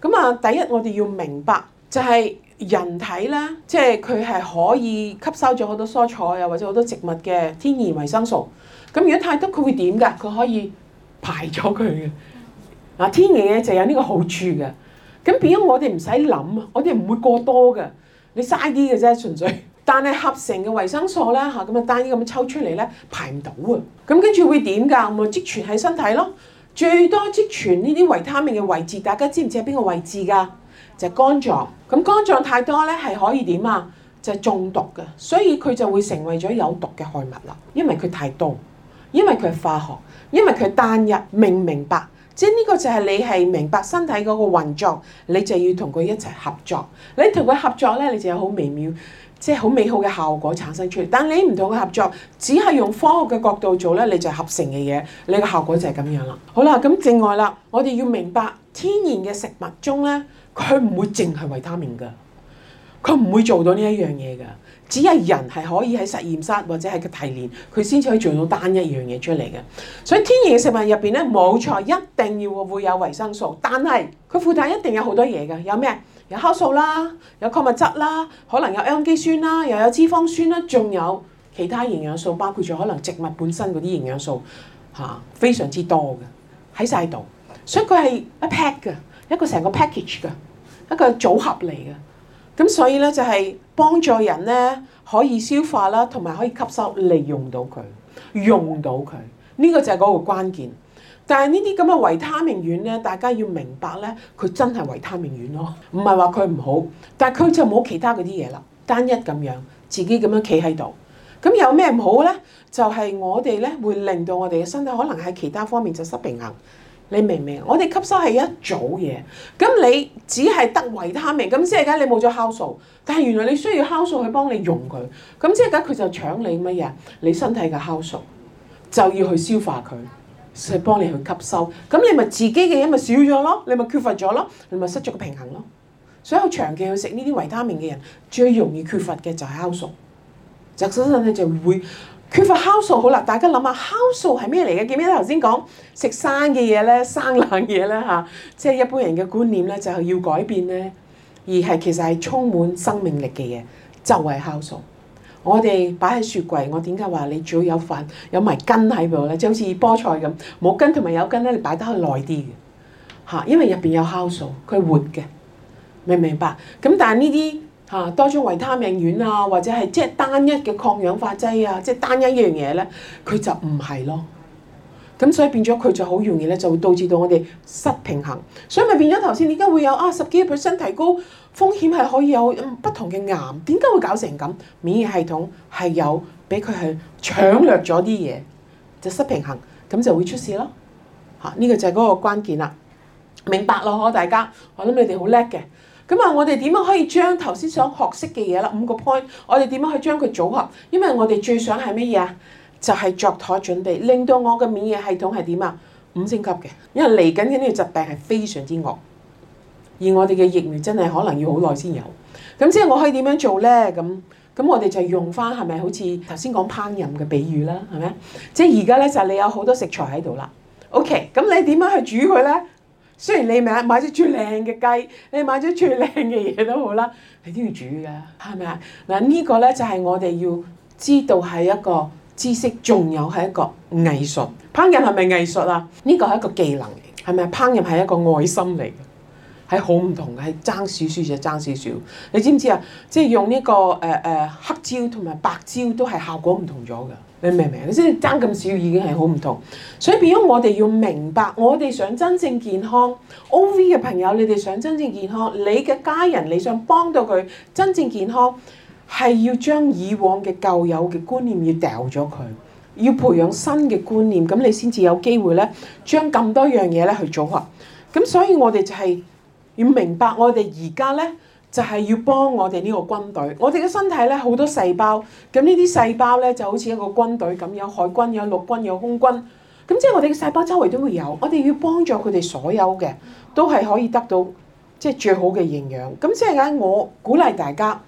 Speaker 1: 咁啊，第一我哋要明白就係人體咧，即係佢係可以吸收咗好多蔬菜啊，或者好多植物嘅天然維生素。咁如果太多，佢會點噶？佢可以。排咗佢嘅，嗱天然嘅就有呢個好處嘅。咁變咗我哋唔使諗，我哋唔會過多嘅，你嘥啲嘅啫，純粹。但係合成嘅維生素咧嚇，咁啊單啲咁抽出嚟咧排唔到啊。咁跟住會點㗎？咪積存喺身體咯。最多積存呢啲維他命嘅位置，大家知唔知係邊個位置㗎？就係肝臟。咁肝臟太多咧，係可以點啊？就係中毒嘅。所以佢就會成為咗有毒嘅害物啦，因為佢太多，因為佢係化學。因為佢單日明唔明白，即係呢個就係你係明白身體嗰個運作，你就要同佢一齊合作。你同佢合作咧，你就有好微妙，即係好美好嘅效果產生出嚟。但你唔同佢合作，只係用科學嘅角度做咧，你就合成嘅嘢，你個效果就係咁樣啦。好啦，咁另外啦，我哋要明白天然嘅食物中咧，佢唔會淨係維他命㗎。佢唔會做到呢一樣嘢嘅，只係人係可以喺實驗室或者係個提煉，佢先至可以做到單一樣嘢出嚟嘅。所以天然嘅食物入邊咧冇錯，一定要會有維生素，但係佢附帶一定有好多嘢嘅。有咩？有酵素啦，有礦物質啦，可能有氨基酸啦，又有脂肪酸啦，仲有其他營養素，包括咗可能植物本身嗰啲營養素嚇、啊，非常之多嘅喺晒度。所以佢係一 pack 嘅，一個成個 package 嘅，一個組合嚟嘅。咁所以咧就係幫助人咧可以消化啦，同埋可以吸收利用到佢，用到佢，呢個就係嗰個關鍵。但係呢啲咁嘅維他命丸咧，大家要明白咧，佢真係維他命丸咯，唔係話佢唔好，但係佢就冇其他嗰啲嘢啦，單一咁樣，自己咁樣企喺度。咁有咩唔好咧？就係我哋咧會令到我哋嘅身體可能喺其他方面就失平衡。你明唔明？我哋吸收係一組嘢，咁你只係得維他命，咁即係梗你冇咗酵素。但係原來你需要酵素去幫你溶佢，咁即係梗佢就搶你乜嘢？你身體嘅酵素就要去消化佢，去幫你去吸收。咁你咪自己嘅嘢咪少咗咯？你咪缺乏咗咯？你咪失咗平衡咯？所以長期去食呢啲維他命嘅人，最容易缺乏嘅就係酵素。就手伸出就會。缺乏酵素好啦，大家諗下酵素係咩嚟嘅？記唔記得頭先講食生嘅嘢咧、生冷嘢咧吓，即係一般人嘅觀念咧就係要改變咧，而係其實係充滿生命力嘅嘢，就係、是、酵素。我哋擺喺雪櫃，我點解話你最要有份有埋根喺度咧？就好似菠菜咁，冇根同埋有根咧，你擺得耐啲嘅吓，因為入邊有酵素，佢係活嘅，明唔明白？咁但係呢啲。嚇多咗維他命丸啊，或者係即係單一嘅抗氧化劑啊，即係單一樣嘢咧，佢就唔係咯。咁所以變咗佢就好容易咧，就會導致到我哋失平衡。所以咪變咗頭先，點解會有啊十幾 percent 提高風險係可以有不同嘅癌？點解會搞成咁？免疫系統係有俾佢係搶掠咗啲嘢，就失平衡，咁就會出事咯。嚇，呢個就係嗰個關鍵啦。明白咯，嗬，大家，我諗你哋好叻嘅。咁啊！我哋點樣可以將頭先想學識嘅嘢啦，五個 point，我哋點樣去將佢組合？因為我哋最想係乜嘢啊？就係作台準備，令到我嘅免疫系統係點啊？五星級嘅，因為嚟緊呢個疾病係非常之惡，而我哋嘅疫苗真係可能要好耐先有。咁即係我可以點樣做咧？咁咁我哋就用翻係咪好似頭先講烹飪嘅比喻啦？係咪？即係而家咧就係你有好多食材喺度啦。OK，咁你點樣去煮佢咧？雖然你買買咗最靚嘅雞，你買咗最靚嘅嘢都好啦，你都要煮㗎，係咪啊？嗱、這、呢個咧就係我哋要知道係一個知識，仲有係一個藝術。烹飪係咪藝術啊？呢、這個係一個技能嚟，係咪啊？烹飪係一個愛心嚟，係好唔同嘅，係爭少少就爭少少。你知唔知啊？即係用呢、這個誒誒、呃呃、黑椒同埋白椒都係效果唔同咗㗎。你明唔明？你先爭咁少已經係好唔同，所以變咗我哋要明白，我哋想真正健康，OV 嘅朋友，你哋想真正健康，你嘅家人，你想幫到佢真正健康，係要將以往嘅舊有嘅觀念要掉咗佢，要培養新嘅觀念，咁你先至有機會咧，將咁多樣嘢咧去組合。咁所以我哋就係要明白，我哋而家咧。就係要幫我哋呢個軍隊，我哋嘅身體咧好多細胞，咁呢啲細胞咧就好似一個軍隊咁，有海軍、有陸軍、有空軍，咁即係我哋嘅細胞周圍都會有。我哋要幫助佢哋所有嘅，都係可以得到即係、就是、最好嘅營養。咁即係講我鼓勵大家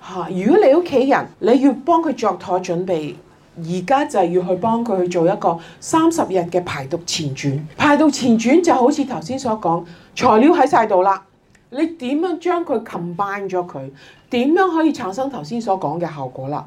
Speaker 1: 吓，如果你屋企人，你要幫佢作妥準備，而家就係要去幫佢去做一個三十日嘅排毒前轉。排毒前轉就好似頭先所講，材料喺晒度啦。你點樣將佢 combine 咗佢？點樣可以產生頭先所講嘅效果啦？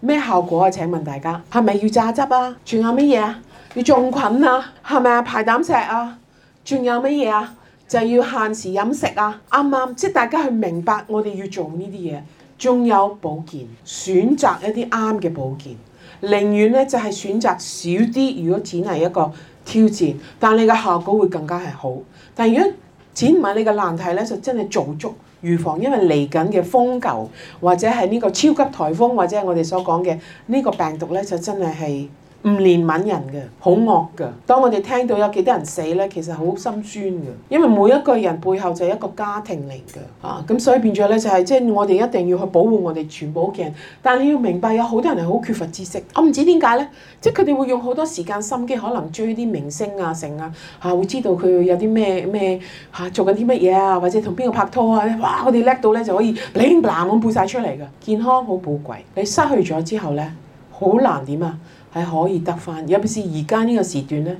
Speaker 1: 咩效果啊？請問大家係咪要榨汁啊？仲有乜嘢？要種菌啊？係咪啊？排膽石啊？仲有乜嘢啊？就要限時飲食啊？啱唔啱？即大家去明白我哋要做呢啲嘢，仲有保健，選擇一啲啱嘅保健，寧願咧就係選擇少啲。如果只係一個挑戰，但你嘅效果會更加係好。但如果錢唔係你嘅難題咧，就真係做足預防，因為嚟緊嘅風球或者係呢個超級颱風或者係我哋所講嘅呢個病毒咧，就真係係，唔憐憫人嘅，好惡嘅。當我哋聽到有幾多人死咧，其實好心酸嘅，因為每一個人背後就係一個家庭嚟嘅，啊，咁所以變咗咧就係，即係我哋一定要去保護我哋全部嘅人。但係你要明白，有好多人係好缺乏知識。我唔知點解咧，即係佢哋會用好多時間心機，可能追啲明星啊，成啊，吓會知道佢有啲咩咩吓做緊啲乜嘢啊，或者同邊個拍拖啊，哇！我哋叻到咧就可以，零嗱咁背晒出嚟嘅。健康好寶貴，你失去咗之後咧，好難點啊！係可以得翻，尤其是而家呢個時段咧，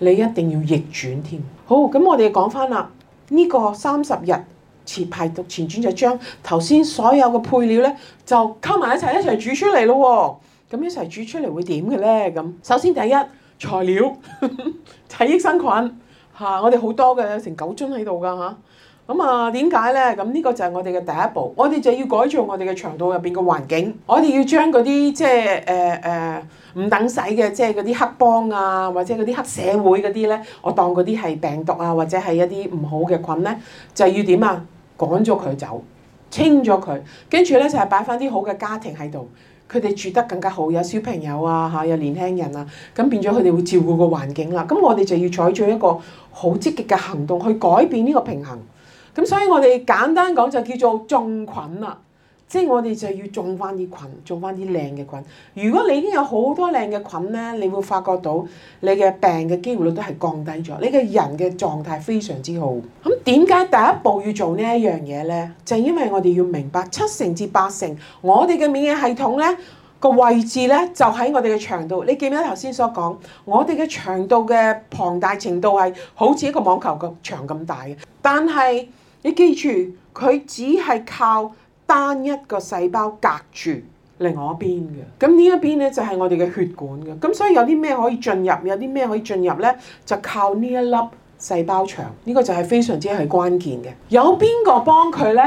Speaker 1: 你一定要逆轉添。好，咁我哋講翻啦，呢、呢個三十日前排毒前轉就將頭先所有嘅配料咧就溝埋一齊，一齊煮出嚟咯。咁一齊煮出嚟會點嘅咧？咁首先第一材料睇益 生菌嚇，啊，我哋好多嘅，成九樽喺度噶嚇。啊咁啊，點解咧？咁、這、呢個就係我哋嘅第一步。我哋就要改造我哋嘅腸道入面嘅環境。我哋要將嗰啲即係誒誒唔等使嘅，即係嗰啲黑幫啊，或者嗰啲黑社會嗰啲咧，我當嗰啲係病毒啊，或者係一啲唔好嘅菌咧，就要點啊？趕咗佢走，清咗佢，跟住咧就係擺翻啲好嘅家庭喺度，佢哋住得更加好，有小朋友啊，有年輕人啊，咁變咗佢哋會照顧個環境啦、啊。咁我哋就要採取一個好積極嘅行動去改變呢個平衡。咁所以我哋簡單講就叫做種菌啦，即係我哋就要種翻啲菌，種翻啲靚嘅菌。如果你已經有好多靚嘅菌咧，你會發覺到你嘅病嘅機會率都係降低咗，你嘅人嘅狀態非常之好。咁點解第一步要做呢一樣嘢咧？就係因為我哋要明白七成至八成，我哋嘅免疫系統咧個位置咧就喺我哋嘅腸度。你記唔記得頭先所講？我哋嘅腸度嘅龐大程度係好似一個網球嘅場咁大嘅，但係。你記住，佢只係靠單一個細胞隔住另外一邊嘅。咁呢一邊咧就係我哋嘅血管嘅。咁所以有啲咩可以進入，有啲咩可以進入咧，就靠呢一粒細胞牆。呢個就係非常之係關鍵嘅。有邊個幫佢咧？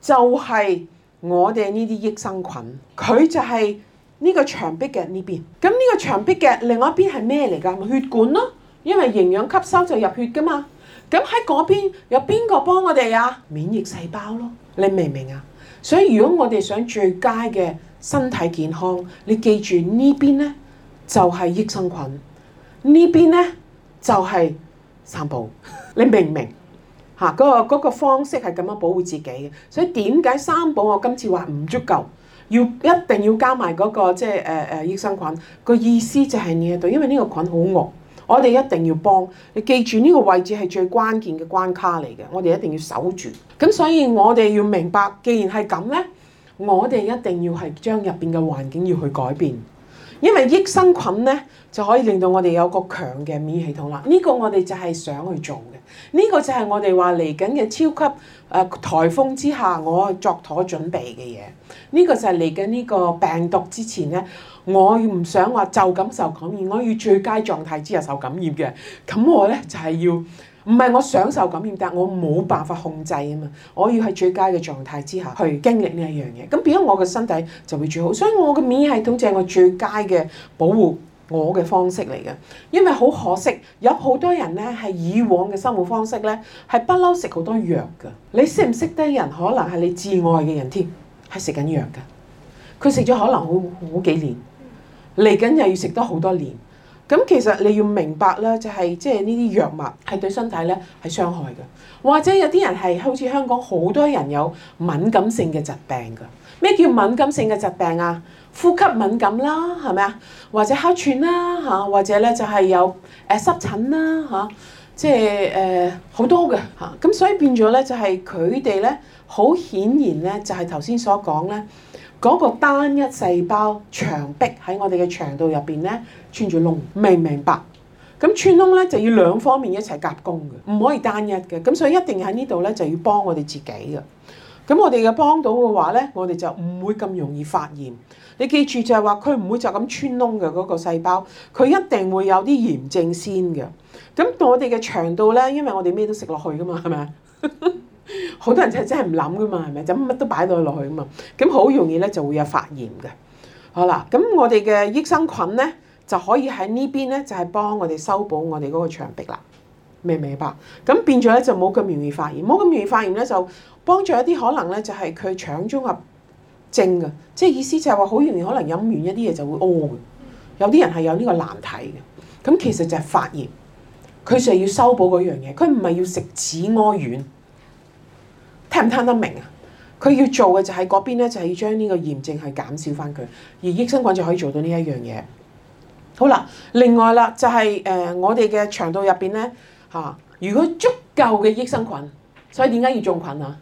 Speaker 1: 就係我哋呢啲益生菌。佢就係呢個牆壁嘅呢邊。咁呢個牆壁嘅另外一邊係咩嚟㗎？咪血管咯。因為營養吸收就入血㗎嘛。咁喺嗰邊有邊個幫我哋啊？免疫細胞咯，你明唔明啊？所以如果我哋想最佳嘅身體健康，你記住呢邊呢，就係、是、益生菌，呢邊呢，就係三寶，你明唔明白？嚇、啊，嗰、那個方式係咁樣保護自己嘅。所以點解三寶我今次話唔足夠？要一定要加埋嗰、那個即係誒誒益生菌。個意思就係呢喺度，因為呢個菌好惡。我哋一定要幫你記住呢個位置係最關鍵嘅關卡嚟嘅，我哋一定要守住。咁所以我哋要明白，既然係咁呢，我哋一定要係將入邊嘅環境要去改變，因為益生菌呢，就可以令到我哋有個強嘅免疫系統啦。呢個我哋就係想去做嘅，呢個就係我哋話嚟緊嘅超級誒颱風之下，我作妥準備嘅嘢。呢個就係嚟緊呢個病毒之前呢。我唔想話就咁受感染，我要最佳狀態之下受感染嘅。咁我咧就係要，唔係我想受感染，但係我冇辦法控制啊嘛。我要喺最佳嘅狀態之下去經歷呢一樣嘢。咁變咗我嘅身體就會最好，所以我嘅免疫系統就係我最佳嘅保護我嘅方式嚟嘅。因為好可惜，有好多人咧係以往嘅生活方式咧係不嬲食好多藥㗎。你識唔識得人？可能係你至愛嘅人添，係食緊藥㗎。佢食咗可能會好幾年。嚟緊又要食得好多年，咁其實你要明白咧、就係，就係即係呢啲藥物係對身體咧係傷害嘅，或者有啲人係好似香港好多人有敏感性嘅疾病嘅。咩叫敏感性嘅疾病啊？呼吸敏感啦，係咪啊？或者哮喘啦，嚇，或者咧就係有誒、呃、濕疹啦，嚇、啊，即係誒好多嘅嚇。咁、啊、所以變咗咧，好顯然就係佢哋咧好顯然咧，就係頭先所講咧。嗰個單一細胞牆壁喺我哋嘅腸道入邊咧穿住窿，明唔明白？咁穿窿咧就要兩方面一齊夾攻嘅，唔可以單一嘅。咁所以一定喺呢度咧就要幫我哋自己嘅。咁我哋嘅幫到嘅話咧，我哋就唔會咁容易發炎。你記住就係話佢唔會就咁穿窿嘅嗰個細胞，佢一定會有啲炎症先嘅。咁我哋嘅腸道咧，因為我哋咩都食落去噶嘛，係咪啊？ 好多人就真係唔諗噶嘛，係咪？就乜都擺到落去啊嘛，咁好容易咧就會有發炎嘅。好啦，咁我哋嘅益生菌咧就可以喺呢邊咧就係幫我哋修補我哋嗰個腸壁啦，明唔明白？咁變咗咧就冇咁容易發炎，冇咁容易發炎咧就幫助一啲可能咧就係佢腸綜合症嘅，即係意思就係話好容易可能飲完一啲嘢就會屙嘅。有啲人係有呢個難題嘅，咁其實就係發炎，佢就係要修補嗰樣嘢，佢唔係要食止屙丸。聽唔聽得明啊？佢要做嘅就係嗰邊咧，就係要將呢個炎症係減少返佢，而益生菌就可以做到呢一樣嘢。好啦，另外啦，就係、是、誒、呃、我哋嘅腸道入邊咧嚇，如果足夠嘅益生菌，所以點解要種菌啊？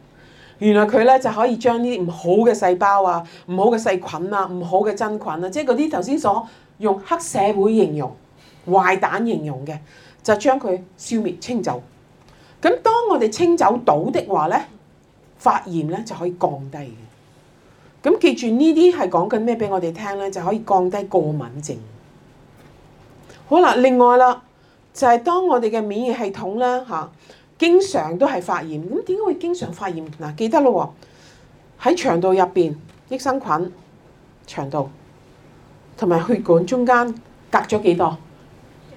Speaker 1: 原來佢咧就可以將呢啲唔好嘅細胞啊、唔好嘅細菌啊、唔好嘅真菌啊，即係嗰啲頭先所用黑社會形容、壞蛋形容嘅，就將佢消滅清走。咁當我哋清走到的話咧？發炎咧就可以降低嘅。咁記住這些是說呢啲係講緊咩俾我哋聽咧？就可以降低過敏症。好啦，另外啦，就係、是、當我哋嘅免疫系統咧嚇，經常都係發炎，咁點解會經常發炎？嗱，記得咯喎，喺腸道入邊益生菌、腸道同埋血管中間隔咗幾多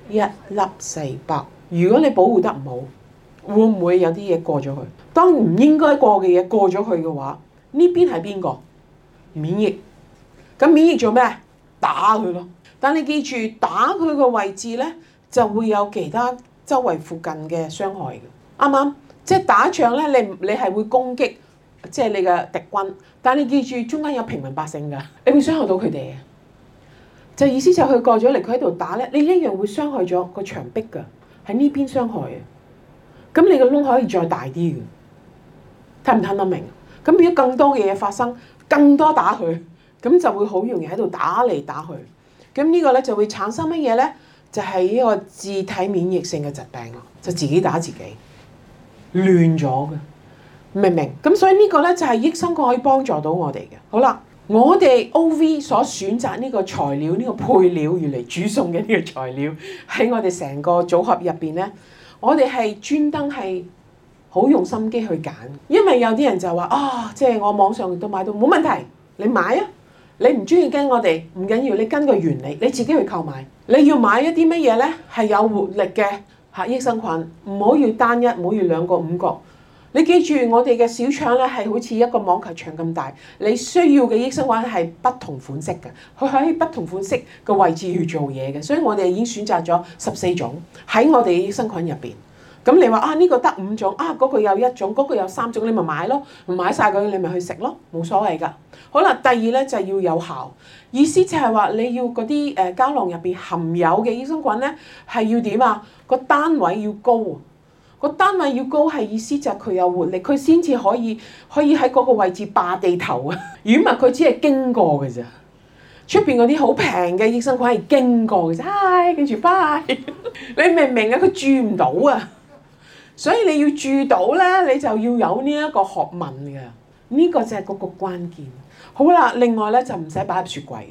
Speaker 1: 一粒細胞？如果你保護得唔好。會唔會有啲嘢過咗去？當唔應該過嘅嘢過咗去嘅話，呢邊係邊個免疫？咁免疫做咩？打佢咯！但你記住，打佢個位置咧，就會有其他周圍附近嘅傷害嘅，啱唔啱？即係打仗咧，你你係會攻擊即係你嘅敵軍，但你記住，中間有平民百姓嘅，你會傷害到佢哋嘅。就意思就係佢過咗嚟，佢喺度打咧，你一樣會傷害咗個牆壁嘅，喺呢邊傷害嘅。咁你個窿可以再大啲嘅，聽唔聽得明？咁變咗更多嘅嘢發生，更多打佢，咁就會好容易喺度打嚟打去。咁呢個咧就會產生乜嘢咧？就係、是、呢個自體免疫性嘅疾病咯，就自己打自己，亂咗嘅，明唔明？咁所以個呢個咧就係、是、益生菌可以幫助到我哋嘅。好啦，我哋 O V 所選擇呢個材料，呢、這個配料，原嚟煮餸嘅呢個材料，喺我哋成個組合入邊咧。我哋係專登係好用心機去揀，因為有啲人就話啊，即、哦、係、就是、我網上都買到冇問題，你買啊！你唔中意跟我哋唔緊要，你根據原理，你自己去購買。你要買一啲咩嘢呢？係有活力嘅益生菌，唔好要單一，唔好要兩個五個。你記住，我哋嘅小腸咧係好似一個網球場咁大，你需要嘅益生菌係不同款式嘅，佢喺不同款式嘅位置去做嘢嘅，所以我哋已經選擇咗十四種喺我哋嘅益生菌入面。咁你話啊，呢個得五種啊，嗰個有一種，嗰個有三種，你咪買咯，唔買晒佢你咪去食咯，冇所謂噶。好啦，第二咧就係要有效，意思就係話你要嗰啲誒膠囊入面含有嘅益生菌咧係要點啊，個單位要高。個單位要高，係意思就佢有活力，佢先至可以可以喺嗰個位置霸地頭啊。如果佢只係經過嘅啫。出邊嗰啲好平嘅億生菌係經過嘅啫，hi 記住 bye， 你明唔明啊？佢住唔到啊，所以你要住到咧，你就要有呢一個學問㗎。呢、這個就係嗰個，個關鍵。好啦，另外咧就唔使擺入雪櫃。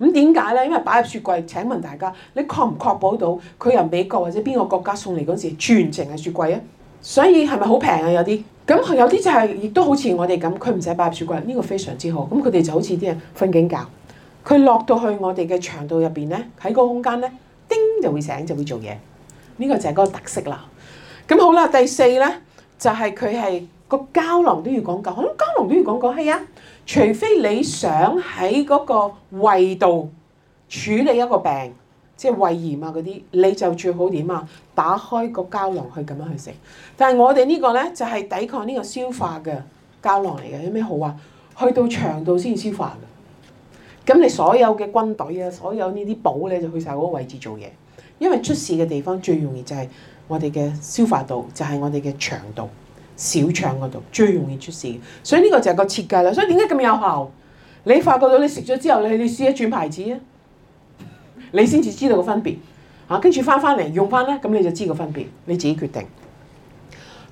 Speaker 1: 咁點解咧？因為擺入雪櫃。請問大家，你確唔確保到佢由美國或者邊個國家送嚟嗰時，全程係雪櫃啊？所以係咪好平啊？有啲咁有啲就係，亦都好似我哋咁，佢唔使擺入雪櫃，呢個非常之好。咁佢哋就好似啲人瞓緊覺，佢落到去我哋嘅腸道入邊咧，喺個空間咧，叮就會醒，就會做嘢。呢個就係個特色啦。咁好啦，第四咧就係佢係個膠囊都要講究，膠囊都要講講係啊。嗯除非你想喺嗰個胃度處理一個病，即係胃炎啊嗰啲，你就最好點啊？打開個膠囊去咁樣去食。但係我哋呢個呢，就係抵抗呢個消化嘅膠囊嚟嘅，有咩好啊？去到腸度先消化嘅。咁你所有嘅軍隊啊，所有呢啲寶你就去晒嗰個位置做嘢，因為出事嘅地方最容易就係我哋嘅消化道，就係我哋嘅腸道。小腸嗰度最容易出事，所以呢個就係個設計啦。所以點解咁有效？你發覺到你食咗之後，你你試一轉牌子啊，你先至知道個分別嚇。跟住翻翻嚟用翻咧，咁你就知個分別，你自己決定。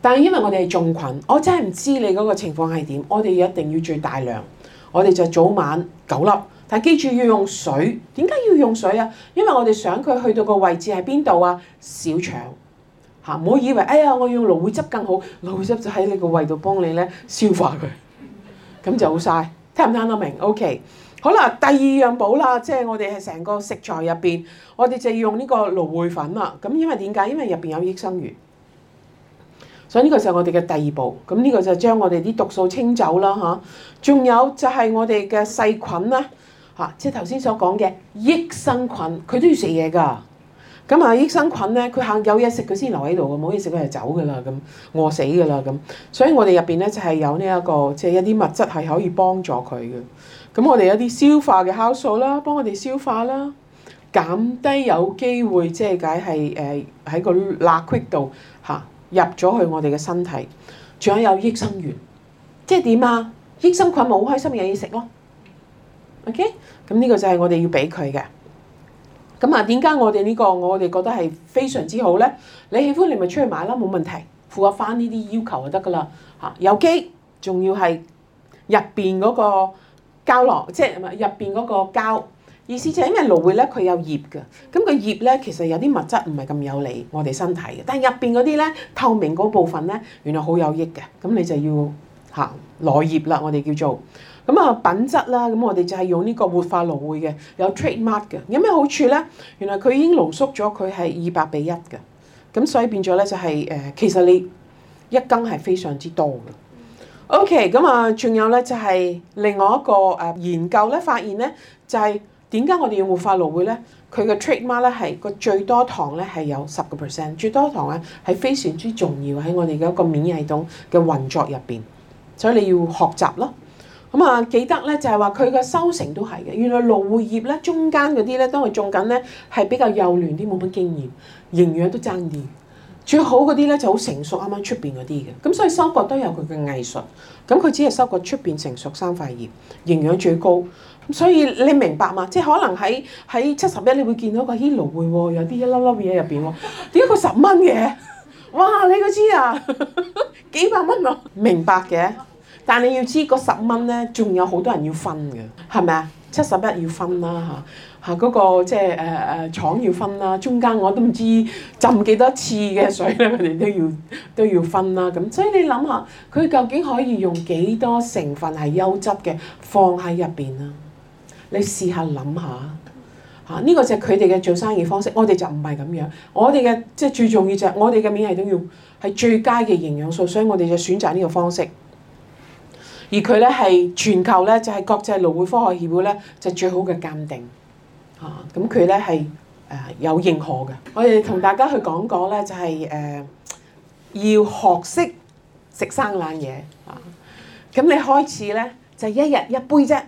Speaker 1: 但係因為我哋係種菌，我真係唔知你嗰個情況係點。我哋一定要最大量，我哋就早晚九粒。但係記住要用水，點解要用水啊？因為我哋想佢去到個位置係邊度啊？小腸。嚇！唔好以為，哎呀，我用蘆薈汁更好，蘆薈汁就喺你個胃度幫你咧消化佢，咁就好晒。聽唔聽得明？OK。好啦，第二樣補啦，即係我哋係成個食材入邊，我哋就要用呢個蘆薈粉啦。咁因為點解？因為入邊有益生元。所以呢個就係我哋嘅第二步。咁呢個就將我哋啲毒素清走啦，嚇。仲有就係我哋嘅細菌啦，嚇，即係頭先所講嘅益生菌，佢都要食嘢㗎。咁啊，益生菌咧，佢肯有嘢食佢先留喺度嘅，冇嘢食佢就走噶啦，咁餓死噶啦咁。所以我哋入面咧就係有呢一個，即係一啲物質係可以幫助佢嘅。咁我哋有啲消化嘅酵素啦，幫我哋消化啦，減低有機會即係解係喺個罅隙度入咗去我哋嘅身體。仲有有益生元，即係點啊？益生菌咪好開心有嘢食咯。OK，咁呢個就係我哋要俾佢嘅。咁啊，點解我哋呢個我哋覺得係非常之好咧？你喜歡你咪出去買啦，冇問題，符合翻呢啲要求就得噶啦嚇。有機，仲要係入邊嗰個膠囊，即係入邊嗰個膠？意思就係因為蘆薈咧，佢有葉嘅，咁個葉咧其實有啲物質唔係咁有利我哋身體嘅，但係入邊嗰啲咧透明嗰部分咧，原來好有益嘅，咁你就要嚇攞葉啦，我哋叫做。咁啊，品質啦，咁我哋就係用呢個活化蘆薈嘅，有 trademark 嘅，有咩好處咧？原來佢已經濃縮咗，佢係二百比一嘅，咁所以變咗咧就係、是、誒、呃，其實你一羹係非常之多嘅。OK，咁啊，仲有咧就係另外一個誒研究咧，發現咧就係點解我哋要活化蘆薈咧？佢嘅 trademark 咧係個最多糖咧係有十個 percent，最多糖咧係非常之重要喺我哋嘅一個免疫系統嘅運作入邊，所以你要學習咯。咁啊，記得咧就係話佢嘅收成都係嘅。原來蘆薈葉咧，中間嗰啲咧都係種緊咧，係比較幼嫩啲，冇乜經驗，營養都爭啲。最好嗰啲咧就好成熟，啱啱出邊嗰啲嘅。咁所以收割都有佢嘅藝術。咁佢只係收割出邊成熟三塊葉，營養最高。咁所以你明白嘛？即係可能喺喺七十一，你會見到一個咦蘆薈喎，有啲一粒粒嘢入邊喎。點解佢十蚊嘅？哇！你個知啊？幾百蚊啊？明白嘅。但你要知嗰十蚊咧，仲有好多人要分嘅，係咪啊？七十一要分啦嚇嚇嗰個即係誒誒廠要分啦，中間我都唔知浸幾多次嘅水咧，佢哋都要都要分啦。咁所以你諗下，佢究竟可以用幾多成分係優質嘅放喺入邊啊？你試下諗下嚇，呢個就係佢哋嘅做生意方式。我哋就唔係咁樣，我哋嘅即係最重要就係我哋嘅麵係都要係最佳嘅營養素，所以我哋就選擇呢個方式。而佢咧係全球咧就係國際農會科學協會咧就最好嘅鑑定嚇，咁佢咧係誒有認可嘅。我哋同大家去講講咧就係誒要學識食生冷嘢啊，咁你開始咧就係一日一杯啫，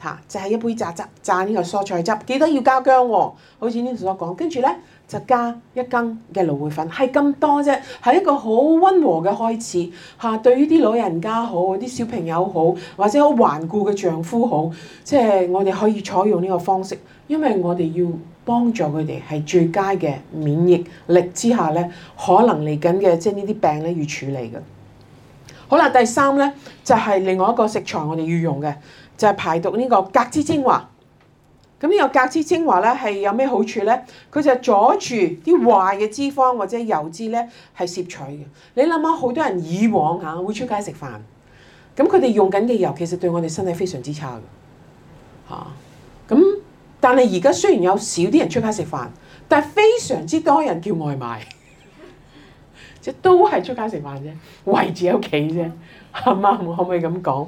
Speaker 1: 嚇就係、是、一杯榨汁，榨呢個蔬菜汁，記得要加薑喎，好似呢度所講，跟住咧。就加一羹嘅蘆薈粉，係咁多啫，係一個好溫和嘅開始嚇。對於啲老人家好，啲小朋友好，或者好頑固嘅丈夫好，即係我哋可以採用呢個方式，因為我哋要幫助佢哋係最佳嘅免疫力之下咧，可能嚟緊嘅即係呢啲病咧要處理嘅。好啦，第三咧就係另外一個食材，我哋要用嘅就係排毒呢個格之精華。咁呢個隔脂精華咧係有咩好處咧？佢就阻住啲壞嘅脂肪或者油脂咧係攝取嘅。你諗下，好多人以往嚇、啊、會出街食飯，咁佢哋用緊嘅油其實對我哋身體非常之差嘅嚇。咁、啊、但係而家雖然有少啲人出街食飯，但係非常之多人叫外賣，即 都係出街食飯啫，圍住喺屋企啫。啱啱，我可唔可以咁講？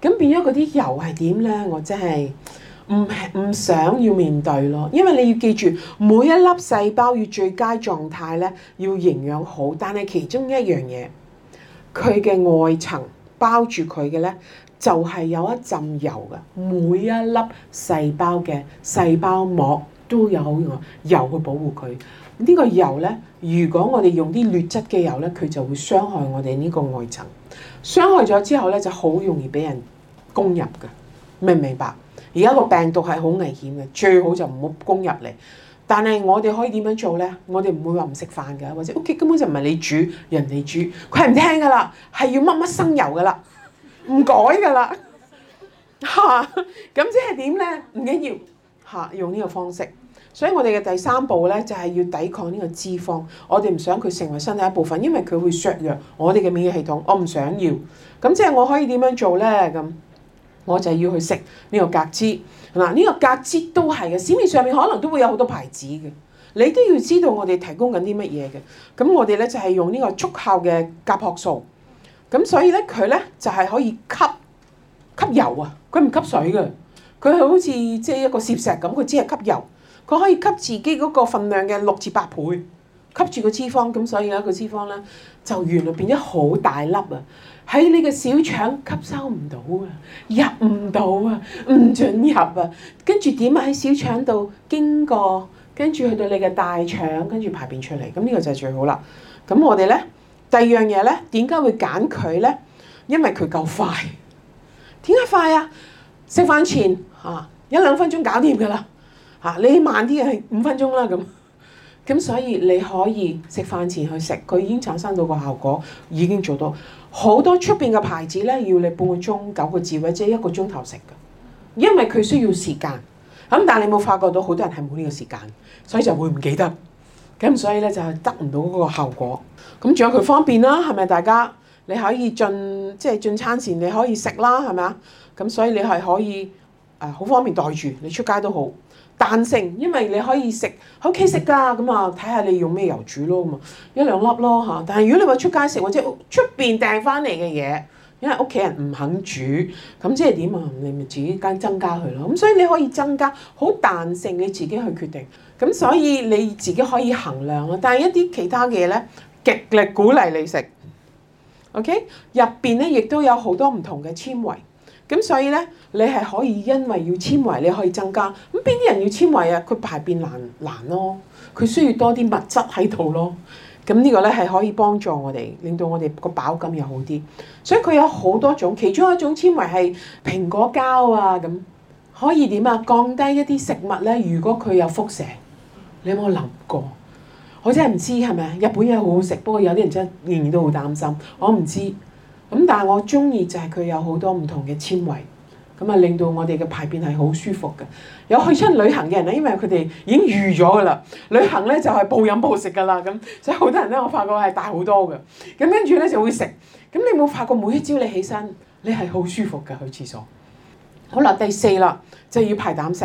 Speaker 1: 咁變咗嗰啲油係點咧？我真係～唔想要面對咯，因為你要記住每一粒細胞要最佳狀態咧，要營養好。但係其中一樣嘢，佢嘅外層包住佢嘅咧，就係有一浸油嘅。每一粒細胞嘅細胞膜都有用油去保護佢。呢個油咧，如果我哋用啲劣質嘅油咧，佢就會傷害我哋呢個外層。傷害咗之後咧，就好容易俾人攻入嘅，明唔明白？而家個病毒係好危險嘅，最好就唔好攻入嚟。但係我哋可以點樣做咧？我哋唔會話唔食飯嘅，或者屋企根本就唔係你煮，人哋煮，佢係唔聽噶啦，係要乜乜生油噶啦，唔改噶啦嚇。咁即係點咧？唔緊要嚇，用呢個方式。所以我哋嘅第三步咧，就係要抵抗呢個脂肪。我哋唔想佢成為身體一部分，因為佢會削弱我哋嘅免疫系統。我唔想要。咁即係我可以點樣做咧？咁。我就係要去食呢個格子，嗱呢個格子都係嘅，市面上面可能都會有好多牌子嘅，你都要知道我哋提供緊啲乜嘢嘅。咁我哋咧就係用呢個速效嘅甲殼素，咁所以咧佢咧就係可以吸吸油啊，佢唔吸水嘅，佢係好似即係一個攝石咁，佢只係吸油，佢可以吸自己嗰個份量嘅六至八倍，吸住個脂肪，咁所以咧個脂肪咧就原來變咗好大粒啊！喺你個小腸吸收唔到啊，入唔到啊，唔進入啊，跟住點啊，喺小腸度經過，跟住去到你嘅大腸，跟住排便出嚟，咁、這、呢個就係最好啦。咁我哋咧第二樣嘢咧，點解會揀佢咧？因為佢夠快。點解快啊？食飯前嚇一兩分鐘搞掂㗎啦嚇，你慢啲嘅係五分鐘啦咁。咁所以你可以食飯前去食，佢已經產生到個效果，已經做到。好多出邊嘅牌子咧，要你半個鐘、九個字或者一個鐘頭食嘅，因為佢需要時間。咁但係你冇發覺到好多人係冇呢個時間，所以就會唔記得。咁所以咧就係得唔到嗰個效果。咁仲有佢方便啦，係咪大家？你可以進即係、就是、進餐前你可以食啦，係咪啊？咁所以你係可以誒好方便袋住，你出街都好。彈性，因為你可以食喺屋企食㗎，咁啊睇下你用咩油煮咯，咁啊一兩粒咯嚇。但係如果你話出街食或者屋出邊訂翻嚟嘅嘢，因為屋企人唔肯煮，咁即係點啊？你咪自己加增加佢咯。咁所以你可以增加好彈性嘅自己去決定。咁所以你自己可以衡量咯。但係一啲其他嘅嘢咧，極力鼓勵你食。OK，入邊咧亦都有好多唔同嘅纖維。所以呢，你係可以因為要纖維，你可以增加。咁邊啲人要纖維啊？佢排便難難咯，佢需要多啲物質喺度咯。咁呢個呢係可以幫助我哋，令到我哋個飽感又好啲。所以佢有好多種，其中一種纖維係蘋果膠啊，咁可以點呀？降低一啲食物呢？如果佢有輻射，你有冇諗過？我真係唔知係咪日本嘢好好食，不過有啲人真係仍然都好擔心，我唔知道。但係我鍾意就係佢有好多唔同嘅纖維，令到我哋嘅排便係好舒服嘅。有去親旅行嘅人，因為佢哋已經預咗㗎喇，旅行呢就係暴飲暴食㗎喇，咁所以好多人呢，我發覺係大好多㗎。咁跟住呢就會食，咁你有冇發覺每一朝你起身，你係好舒服㗎？去廁所？好啦，第四啦，就要排膽石。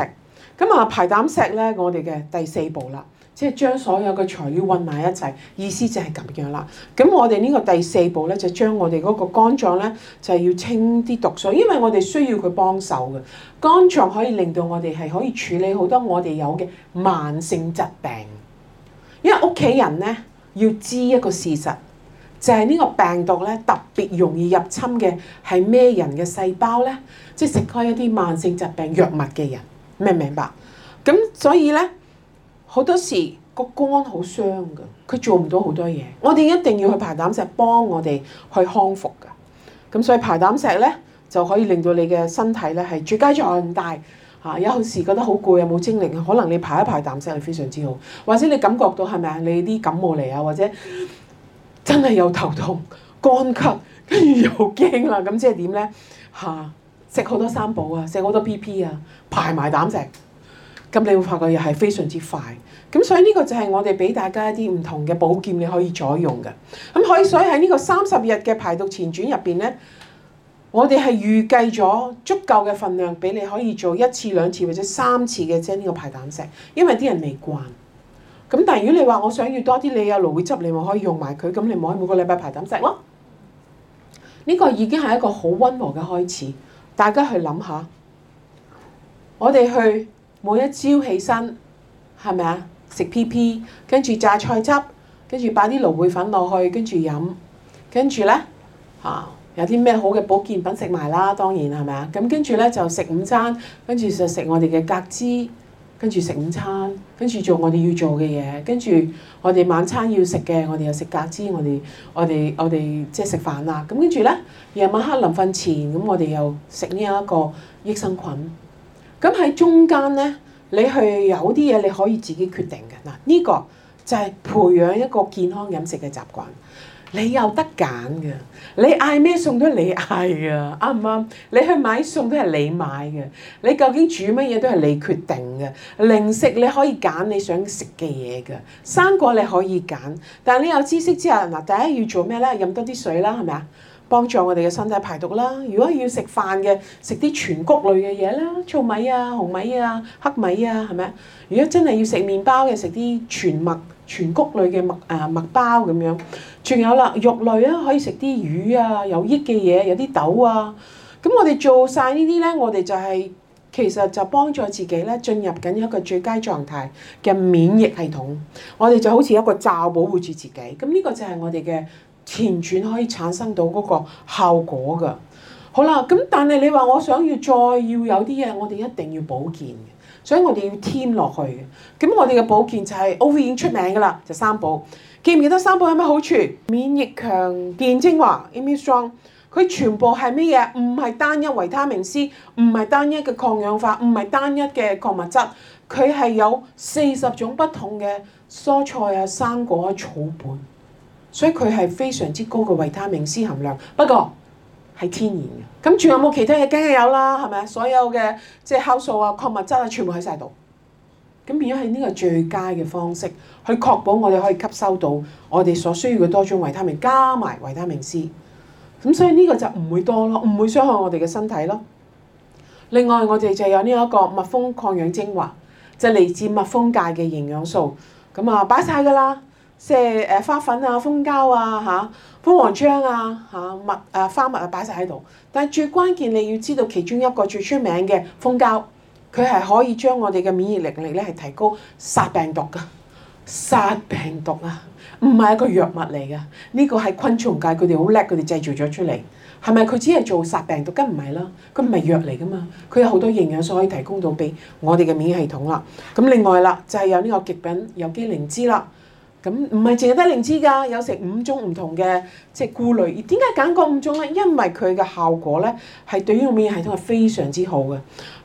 Speaker 1: 咁呀，排膽石呢，我哋嘅第四步啦。即係將所有嘅材料混埋一齊，意思就係咁樣啦。咁我哋呢個第四步咧，就將我哋嗰個肝臟咧，就係要清啲毒素，因為我哋需要佢幫手嘅。肝臟可以令到我哋係可以處理好多我哋有嘅慢性疾病。因為屋企人咧要知一個事實，就係呢個病毒咧特別容易入侵嘅係咩人嘅細胞咧？即係食開一啲慢性疾病藥物嘅人，明唔明白？咁所以咧。好多時個肝好傷噶，佢做唔到好多嘢，我哋一定要去排膽石，幫我哋去康復噶。咁所以排膽石呢，就可以令到你嘅身體呢係最佳狀態嚇。有時覺得好攰啊，冇精力，可能你排一排膽石係非常之好，或者你感覺到係咪啊？你啲感冒嚟啊，或者真係有頭痛、乾咳，跟住又驚啦，咁即係點呢嚇？食好多三寶啊，食好多 PP 啊，排埋膽石。咁你會發覺又係非常之快，咁所以呢個就係我哋俾大家一啲唔同嘅保健，你可以採用嘅，咁可以。所以喺呢個三十日嘅排毒前轉入面咧，我哋係預計咗足夠嘅份量俾你可以做一次、兩次或者三次嘅啫。呢個排膽石，因為啲人未慣。咁但係如果你話我想要多啲，你有蘆薈汁，你咪可以用埋佢，咁你咪可以每個禮拜排膽石咯。呢個已經係一個好溫和嘅開始，大家去諗下，我哋去。每一朝起身，係咪啊？食 P P，跟住榨菜汁，跟住擺啲蘆薈粉落去，跟住飲，跟住呢，啊有啲咩好嘅保健品食埋啦，當然係咪啊？咁跟住呢，就食午餐，跟住就食我哋嘅格汁，跟住食午餐，跟住做我哋要做嘅嘢，跟住我哋晚餐要食嘅，我哋又食格汁，我哋我哋我哋即係食飯啦。咁跟住呢，夜晚黑臨瞓前咁，我哋又食呢一個益生菌。咁喺中間呢，你去有啲嘢你可以自己決定嘅。嗱，呢個就係培養一個健康飲食嘅習慣，你有得揀嘅。你嗌咩餸都係你嗌嘅，啱唔啱？你去買餸都係你買嘅。你究竟煮乜嘢都係你決定嘅。零食你可以揀你想食嘅嘢嘅，生果你可以揀。但係你有知識之後，嗱，第一要做咩咧？飲多啲水啦，係咪啊？幫助我哋嘅身體排毒啦！如果要食飯嘅，食啲全穀類嘅嘢啦，糙米啊、紅米啊、黑米啊，係咪啊？如果真係要食麪包嘅，食啲全麥、全穀類嘅麥啊麥包咁樣。仲有啦，肉類啦，可以食啲魚啊，有益嘅嘢，有啲豆啊。咁我哋做晒呢啲咧，我哋就係其實就幫助自己咧進入緊一個最佳狀態嘅免疫系統。我哋就好似一個罩保護住自己。咁呢個就係我哋嘅。前傳可以產生到嗰個效果㗎。好啦，咁但係你話我想要再要有啲嘢，我哋一定要保健嘅，所以我哋要添落去嘅。咁我哋嘅保健就係、是、OV 已經出名㗎啦，就是、三寶。記唔記得三寶有咩好處？免疫強健精華 Immune Strong，佢全部係咩嘢？唔係單一維他命 C，唔係單一嘅抗氧化，唔係單一嘅礦物質，佢係有四十種不同嘅蔬菜啊、生果、草本。所以佢係非常之高嘅維他命 C 含量，不過係天然嘅。咁仲有冇其他嘅？梗係有啦？係咪？所有嘅即係酵素啊、礦物質啊，全部喺晒度。咁變咗係呢個最佳嘅方式，去確保我哋可以吸收到我哋所需要嘅多種維他命，加埋維他命 C。咁所以呢個就唔會多咯，唔會傷害我哋嘅身體咯。另外，我哋就有呢一個蜜蜂抗氧精華，就嚟自蜜蜂界嘅營養素。咁啊，擺晒㗎啦～即係誒花粉啊、蜂膠啊嚇、蜂皇漿啊嚇、蜜誒、啊、花蜜啊擺晒喺度。但係最關鍵，你要知道其中一個最出名嘅蜂膠，佢係可以將我哋嘅免疫力力咧係提高殺病毒㗎，殺病毒啊！唔係一個藥物嚟嘅，呢、呢個係昆蟲界佢哋好叻，佢哋製造咗出嚟係咪？佢只係做殺病毒，梗唔係啦，佢唔係藥嚟噶嘛，佢有好多營養素可以提供到俾我哋嘅免疫系統啦。咁另外啦，就係有呢個極品有機靈芝啦。咁唔係淨係得靈芝㗎，有成五種唔同嘅即係菇類。點解揀過五種咧？因為佢嘅效果咧係對於免疫系統係非常之好嘅。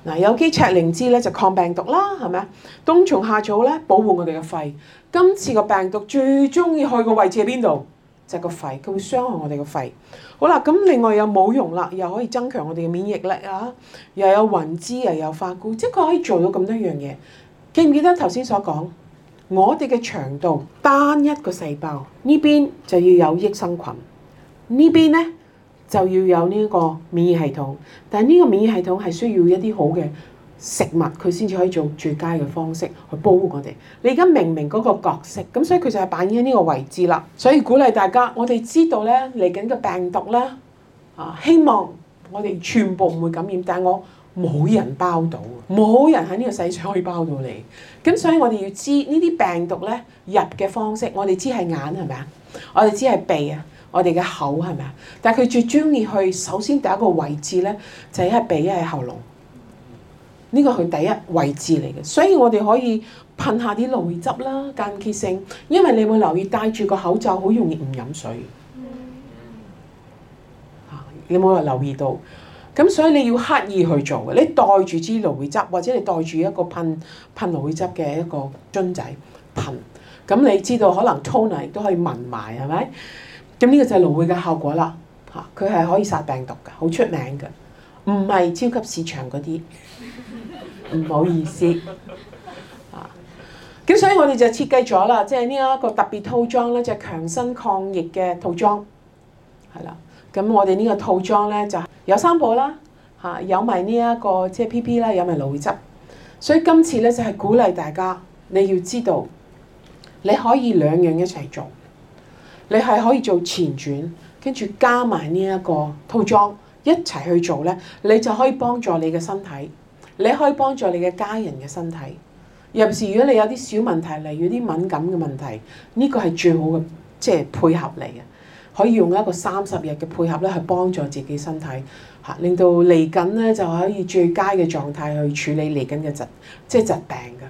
Speaker 1: 嗱，有機赤靈芝咧就抗病毒啦，係咪啊？冬蟲夏草咧保護我哋嘅肺。今次個病毒最中意去個位置喺邊度？就係個肺，佢會傷害我哋嘅肺。好啦，咁另外又冇用啦，又可以增強我哋嘅免疫力啊！又有雲芝，又有花菇，即係佢可以做到咁多樣嘢。記唔記得頭先所講？我哋嘅腸道單一個細胞，呢邊就要有益生菌，呢邊呢，就要有呢個免疫系統。但係呢個免疫系統係需要一啲好嘅食物，佢先至可以做最佳嘅方式去保護我哋。你而家明明嗰個角色，咁所以佢就係扮演喺呢個位置啦。所以鼓勵大家，我哋知道呢嚟緊嘅病毒呢，啊，希望我哋全部唔會感染，但係我。冇人包到，冇人喺呢個世上可以包到你。咁所以我哋要知呢啲病毒咧入嘅方式，我哋知係眼係咪啊？我哋知係鼻啊，我哋嘅口係咪啊？但係佢最中意去首先第一個位置咧，就一係鼻一係喉嚨。呢個係第一位置嚟嘅，所以我哋可以噴下啲蘆薈汁啦，間歇性。因為你會留意戴住個口罩好容易唔飲水。你有冇留意到？咁所以你要刻意去做嘅，你袋住支蘆薈汁，或者你袋住一個噴噴蘆薈汁嘅一個樽仔噴。咁你知道可能 toner 亦都可以聞埋係咪？咁呢個就係蘆薈嘅效果啦。嚇，佢係可以殺病毒嘅，好出名嘅，唔係超級市場嗰啲。唔 好意思。咁所以我哋就設計咗啦，即係呢一個特別套裝咧，就係、強身抗疫嘅套裝，係啦。咁我哋呢個套裝咧就是、有三寶啦，嚇、啊、有埋呢一個即係、就是、P P 啦，有埋蘆薈汁。所以今次咧就係、是、鼓勵大家，你要知道你可以兩樣一齊做，你係可以做前轉，跟住加埋呢一個套裝一齊去做咧，你就可以幫助你嘅身體，你可以幫助你嘅家人嘅身體。尤其是如果你有啲小問題，例如啲敏感嘅問題，呢、這個係最好嘅，即、就、係、是、配合嚟嘅。可以用一個三十日嘅配合咧，去幫助自己身體，吓，令到嚟緊咧，就可以最佳嘅狀態去處理嚟緊嘅疾，即係疾病。